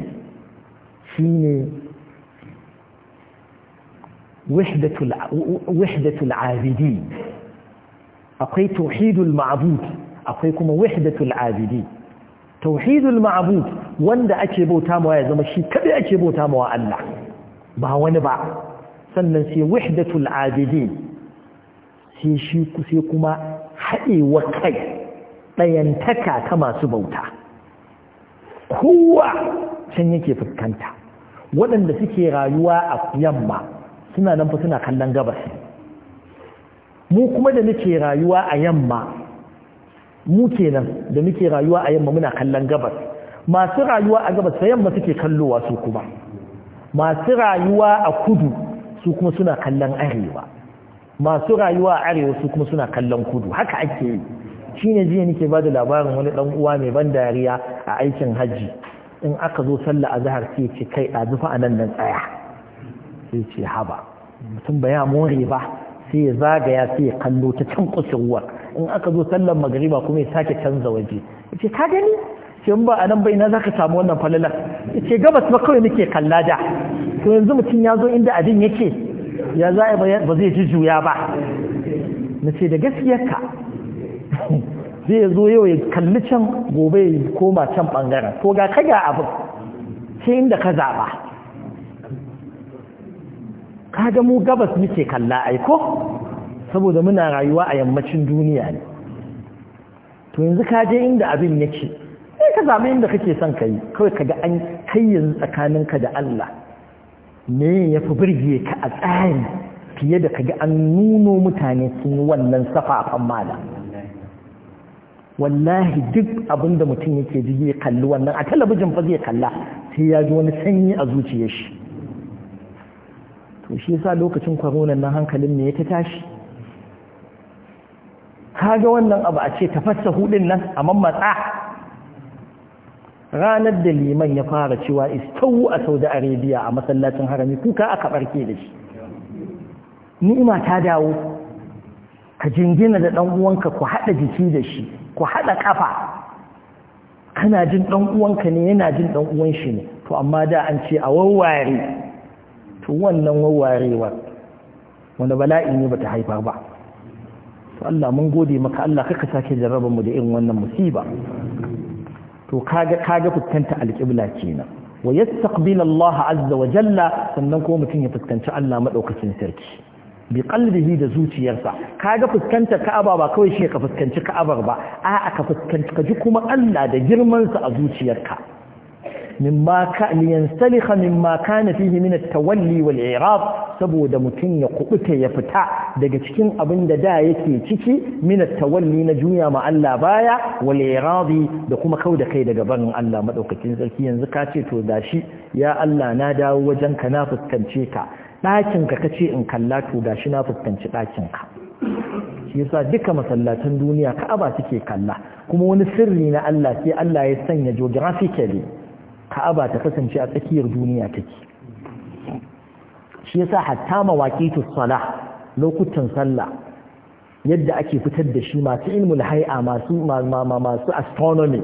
shine wahdatul abidi akwai tauhidul ma'bud akwai kuma wahdatul abidi tauhidul ma'bud wanda ake bauta mawa ya zama shi kadai ake bauta mawa Allah ba wani ba sannan sai wahdatul abidi sai sai kuma haɗewa kai ɗayantaka ta masu bauta kowa can yake fuskanta waɗanda suke rayuwa a yamma suna nan fa suna kallon gabas mu kuma da muke rayuwa a yamma mu kenan da muke rayuwa a yamma muna kallon gabas masu rayuwa a gabas ta yamma suke kallowa su kuma masu rayuwa a kudu su kuma suna kallon arewa masu rayuwa a arewa su kuma suna kallon kudu haka ake yi shine jiya nake ba da labarin wani dan uwa mai ban dariya a aikin hajji in aka zo sallah zahar sai ce kai ɗazu fa a nan nan tsaya sai ce haba mutum ba ya more ba sai ya zagaya sai ya kallo ta can kusurwa in aka zo sallar magariba kuma ya sake canza waje ya ce ka gani ce ba a nan bai na zaka samu wannan falalar ya ce gabas ba kawai muke kalla da to yanzu mutum ya zo inda abin yake ya za ba zai ji juya ba na ce da ka. zai zo yau ya kalli can gobe ya koma can ɓangaren to ga kaga abu sai inda ka zaɓa kaga mu gabas muke kalla aiko saboda muna rayuwa a yammacin duniya ne to yanzu ka je inda abin yake sai ka zaɓa inda kake son ka yi kawai ga an kai yanzu ka da Allah me ya fi birge ka a tsari fiye da ka ga an nuno mutane sun yi wannan safafan mala wallahi duk abin da mutum yake ji ya kalli wannan a talabijin fa zai kalla sai ya ji wani sanyi a zuciyar shi to shi yasa lokacin kwaronan nan hankalin ne ya ta tashi kaga wannan abu a ce tafassa hudin nan a mammatsa ranar da liman ya fara cewa istawu a saudi arabia a masallacin harami kuka aka barke da shi ni'ima ta dawo ka jingina da ɗan uwanka ku haɗa jiki da shi ku haɗa ƙafa kana jin ɗan'uwanka ne yana jin ɗan shi ne to amma da an ce a wawware to wannan wawwarewar wanda bala'i ne bata haifar ba to Allah mun gode maka Allah kaka sake jarrabar mu da irin wannan musiba to kaga kaga fuskanta alƙibla kenan wa yastaqbilu Allah azza wa jalla sannan ko mutum ya fuskanci Allah maɗaukacin sarki bi kalbihi da zuciyarsa kaga fuskanta ka'aba ba kawai shi ka fuskanci ka'abar ba a'a ka fuskanci ka ji kuma Allah da girman sa a zuciyarka mimma ka yansalikha mimma kana fihi min at-tawalli wal i'rab saboda mutun ya kubuta ya fita daga cikin abin da da yake ciki min at-tawalli na juya ma Allah baya wal i'radi da kuma kauda kai daga barin Allah madaukakin sarki yanzu ka ce to shi ya Allah na dawo wajenka na fuskance ka ɗakin ka kace in kalla to shi na fuskanci ɗakin ka shi yasa duka masallatan duniya ka'aba suke kalla kuma wani sirri na Allah sai Allah ya sanya geographically ka'aba ta kasance a tsakiyar duniya take shi yasa hatta mawaqitus salah lokutan sallah yadda ake fitar da shi masu ilmul hay'a masu masu astronomy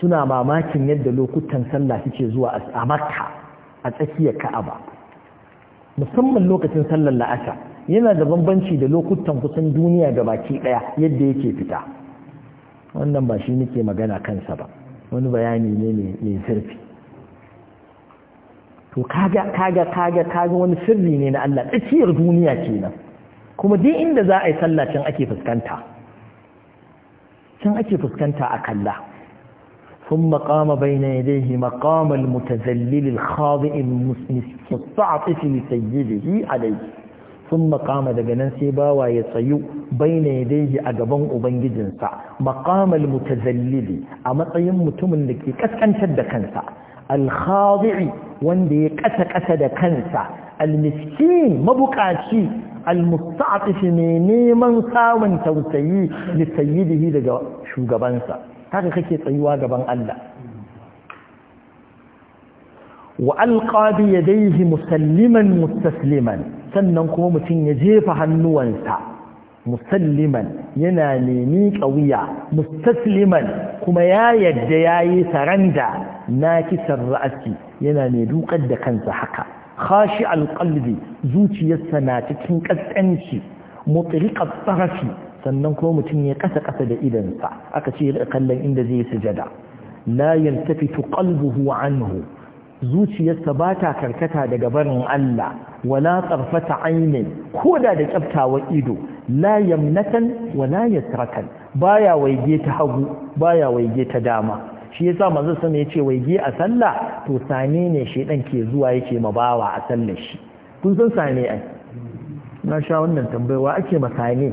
suna mamakin yadda lokutan sallah suke zuwa a Makka a tsakiyar Ka'aba musamman lokacin sallar la'asa yana da bambanci da lokutan kusan duniya da baki daya yadda yake fita wannan ba shi nake magana kansa ba wani bayani ne mai zurfi to kaga kaga kaga kaga wani sirri ne na Allah tsakiyar duniya kenan kuma duk inda za a yi sallah can ake fuskanta can ake fuskanta a kalla ثم قام بين يديه مقام المتذلل الخاضع المستعطف لسيده عليه ثم قام دجنسيبا ويصيو بين يديه أجبن أبنجن سع مقام المتذلل أما طيب متم لك كسك أنشد كنسع الخاضع وندي كسك أسد كنسع المسكين ما المستعطف من من سا توسيه لسيده دجا شو جبنسع haka kake tsayuwa gaban Allah wa alqa bi yadayhi musalliman mustasliman sannan kuma mutum ya jefa hannuwansa musalliman yana nemi ƙauya mustasliman kuma ya yadda yayi saranda na kisar ra'aki. yana ne dukar da kansa haka khashi alqalbi zuciyarsa na cikin kaskanci mutriqat tarafi sannan ko mutum ya kasa kasa da idansa aka ce ya kallon inda zai sujada la yaltafitu qalbuhu anhu zuciyarsa ba ta karkata daga barin Allah wala tsarfata aini ko da da tsaftawa ido la yamnatan wala yatrakan baya waige ta hagu baya waige ta dama shi yasa manzo sama ce waige a sallah to sane ne shedan ke zuwa yake mabawa a sallar shi kun san sane ai na sha wannan tambayawa ake ma sane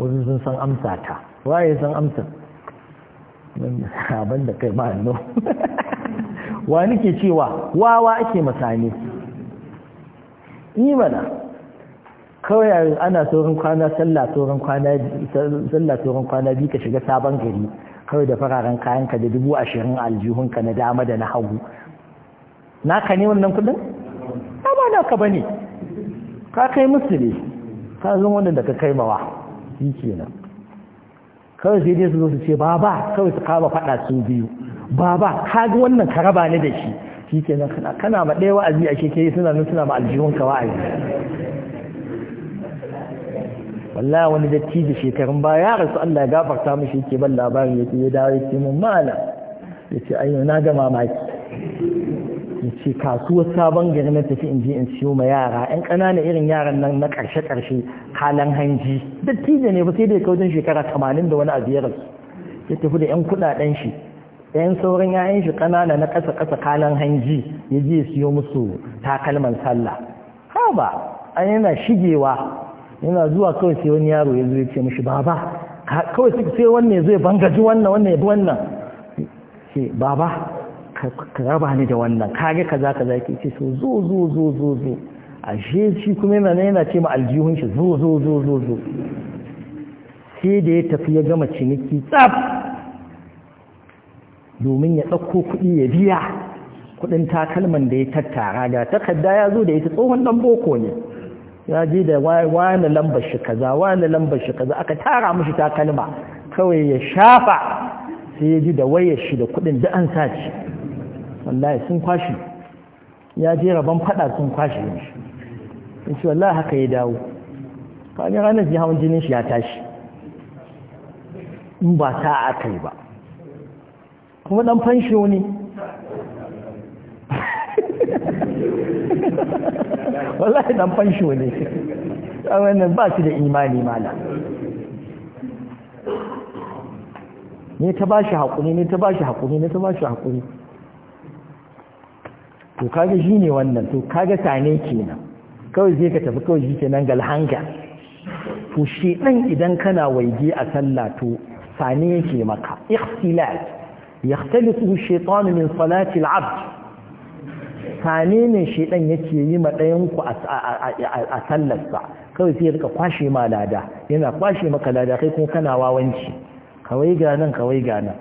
wasu sun san amsa ta waye san amsa abin da kai ma no wa nake cewa wawa ake masani imana kawai ana tsoron kwana sallah tsoron kwana sallah kwana bi ka shiga sabon gari kawai da fararen kayanka da dubu ashirin aljihunka na dama da na hagu naka ne wannan kudin? ba naka ba ne ka kai musu ne ka zan wanda da ka kai mawa shi kenan kawai sai dai su zo su ce baba kawai su kama faɗa su biyu baba ka ga wannan ka raba ni da shi shi kenan kana kana ma ɗaya wa'azi a keke suna nan suna ma aljihun ka wa'azi wallahi wani dattijo shekarun baya ya rasu Allah ya gafarta mishi yake ban labarin yake ya dawo yake mun mala yace ayyo na ga mamaki in ce kasuwar sabon gari na tafi in je in siyo ma yara yan ƙanana irin yaran nan na ƙarshe ƙarshe kalan hanji tije ne ba sai dai ya wajen shekara tamanin da wani abu ya ya tafi da yan kuɗaɗen shi yan sauran yayan shi ƙanana na ƙasa ƙasa kalan hanji ya je ya siyo musu takalman sallah ha ba an yana shigewa yana zuwa kawai sai wani yaro ya zo ya ce mishi baba kawai sai wannan ya zo ya bangaji wannan wannan ya bi wannan ce baba ka raba ni da wannan kage kaza kaza yake ce so zo zo zo zo zo ashe shi kuma yana yana ce ma aljihun shi zo zo zo zo zo sai da ya tafi ya gama ciniki tsaf domin ya ɗauko kuɗi ya biya kuɗin takalman da ya tattara da takarda ya zo da ita tsohon ɗan boko ne ya je da wani lambar shi kaza wani lambar shi kaza aka tara mushi takalma kawai ya shafa sai ya ji da wayar shi da kuɗin da an sace wallahi sun kwashi ya je rabon fada sun kwashi in ci wallahi haka ya dawo kwanye ranar ji hawan jinin shi ya tashi in ba ta aka yi ba kuma dan fansho ne wallahi dan fansho ne nan ba su da imani mala ne ta ba shi haƙuri ne ta ba shi haƙuri ne ta ba shi haƙuri to kaga shi ne wannan to kaga sane kenan kawai zai ka tafi kawai shi kenan galhanga to shi ɗan idan kana waige a sallah to sane yake maka ikhtilat yakhtalitu shaytan min salati al-abd sane ne shaytan yake yi ma ɗayan ku a sa kawai sai rika kwashe ma lada yana kwashe maka lada kai kuma kana wawanci kawai ga nan kawai ga nan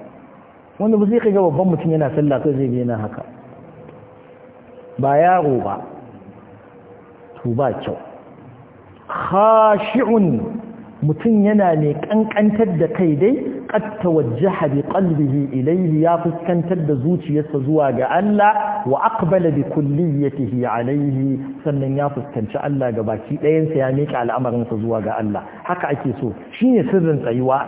wanda ba zai kai ga babban mutum yana sallah kai zai yana haka ba yaro ba to ba kyau khashi'un mutum yana ne kankantar da kai dai qad tawajjaha bi qalbihi ilayhi ya fuskantar da zuciyarsa zuwa ga Allah wa aqbala bi kulliyatihi alayhi sannan ya fuskanci Allah ga baki ɗayansa ya miƙa sa zuwa ga Allah haka ake so shine sirrin tsayuwa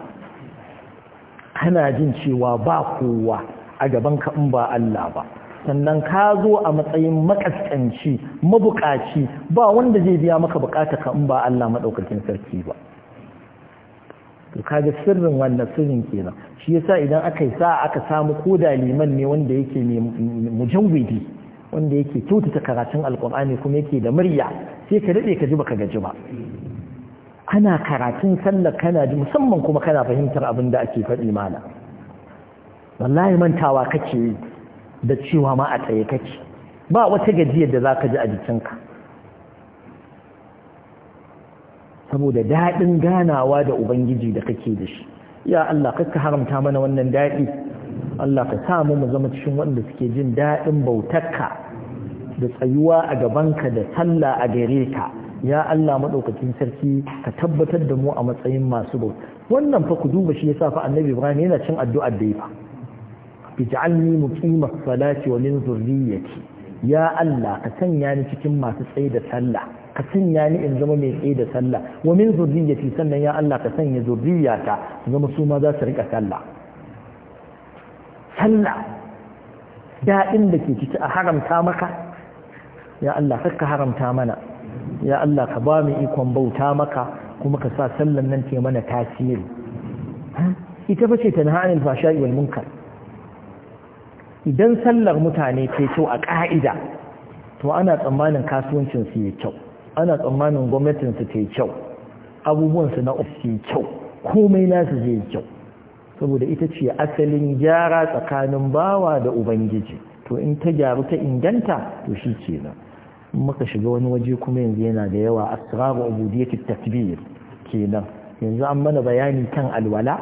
kana jin cewa ba kowa a gaban ka in ba Allah ba sannan ka zo a matsayin makaskanci mabukaci ba wanda zai biya maka bukata ka in ba Allah madaukakin sarki ba to kaga sirrin wannan sirrin kenan shi yasa idan aka yi sa'a aka samu ko da liman ne wanda yake ne mujawwidi wanda yake kyautata karatun alkur'ani kuma yake da murya sai ka dade ka ji baka gaji ba ana karatun sallar kana ji musamman kuma kana fahimtar abin da ake faɗi mana wallahi mantawa kake yi da cewa ma a tsaye kake ba wata gajiyar da za ka ji a jikinka saboda daɗin ganawa da ubangiji da kake da shi ya Allah ka haramta mana wannan daɗi Allah ka samu mu zama cikin waɗanda suke jin daɗin bautarka da tsayuwa a gabanka da sallah a gare ka ya Allah maɗaukacin sarki ka tabbatar da mu a matsayin masu bauta wannan fa ku duba shi yasa fa annabi Ibrahim yana cin addu'ar da yi fa ij'alni muqima as-salati wa min dhurriyyati ya Allah ka sanya ni cikin masu tsaye da sallah ka sanya ni in zama mai tsaye da sallah wa min zurriyyati sannan ya Allah ka sanya zurriyata zama su ma za su rika sallah sallah daɗin da ke ciki a haramta maka ya Allah ka haramta mana ya Allah ka ba mu ikon bauta maka kuma ka sa sallan nan ke mana tasiri ita fa ce tanha anil fashai wal munkar idan sallar mutane ce kyau a ƙa'ida to ana tsammanin kasuwancinsu ya kyau ana tsammanin gwamnatinsu su yi kyau abubuwansu na ofis yi kyau komai nasu zai kyau saboda ita ce asalin gyara tsakanin bawa da ubangiji to in ta gyaru ta inganta to shi ke nan muka shiga wani waje kuma yanzu yana da yawa asraru tafiye ke kenan yanzu an mana bayani kan alwala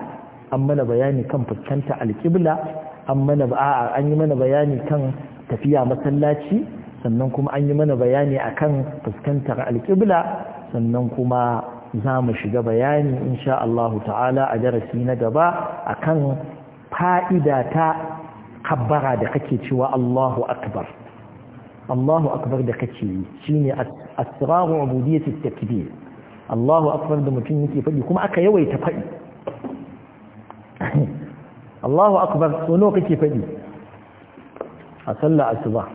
an mana bayani kan fuskanta alƙibla. an mana a'a an yi mana bayani kan tafiya masallaci sannan kuma an yi mana bayani akan fuskantar alƙibla sannan kuma za mu shiga bayani insha Allah ta'ala a darasi na gaba akan fa'ida ta kabbara da kake cewa Allahu akbar Allahu akbar da kake yi shine asraru ubudiyyati takbir Allahu akbar da mutum yake faɗi kuma aka yawaita faɗi Allahu akbar sono kake faɗi a sallar asuba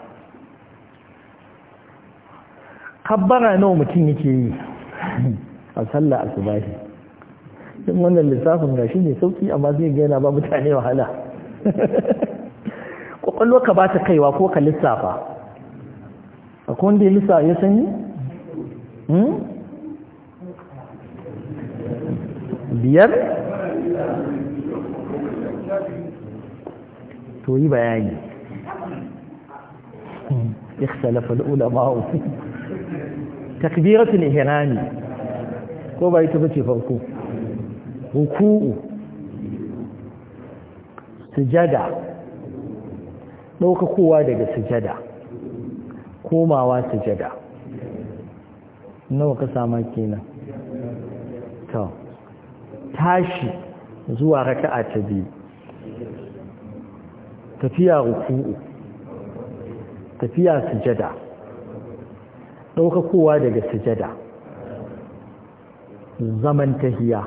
kabbara nawa mutum yake yi a sallar asuba shi wannan lissafin gashi ne sauki amma zai gaina ba mutane wahala kwakwalwa ka ba ta kaiwa ko ka lissafa akwai wanda ya lissa ya sani? Hmm? biyar to yi bayani ikhtalafa ulama takbiratul ihrami ko bai ta bace farko ruku'u sujada ɗaukakowa daga sujada komawa sujada nawa ka sama kenan to tashi zuwa raka'a ta biyu tafiya ruku'u tafiya sujada kowa daga sujada zaman tahiya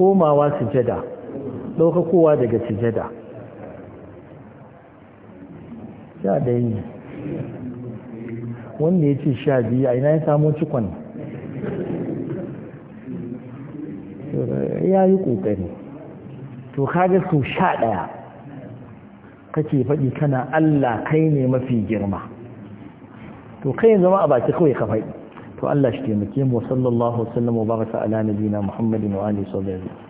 komawa sujada kowa daga sujada sha ɗaya ne wanda ya ce sha biyu a ina ya samu cikon ya yi ƙoƙari to kaga su sha ɗaya kake faɗi kana Allah kai ne mafi girma to kai zama a baki kawai ka faɗi to Allah shi taimake mu sallallahu alaihi wa sallam wa baraka ala nabiyina Muhammadin wa alihi wa sahbihi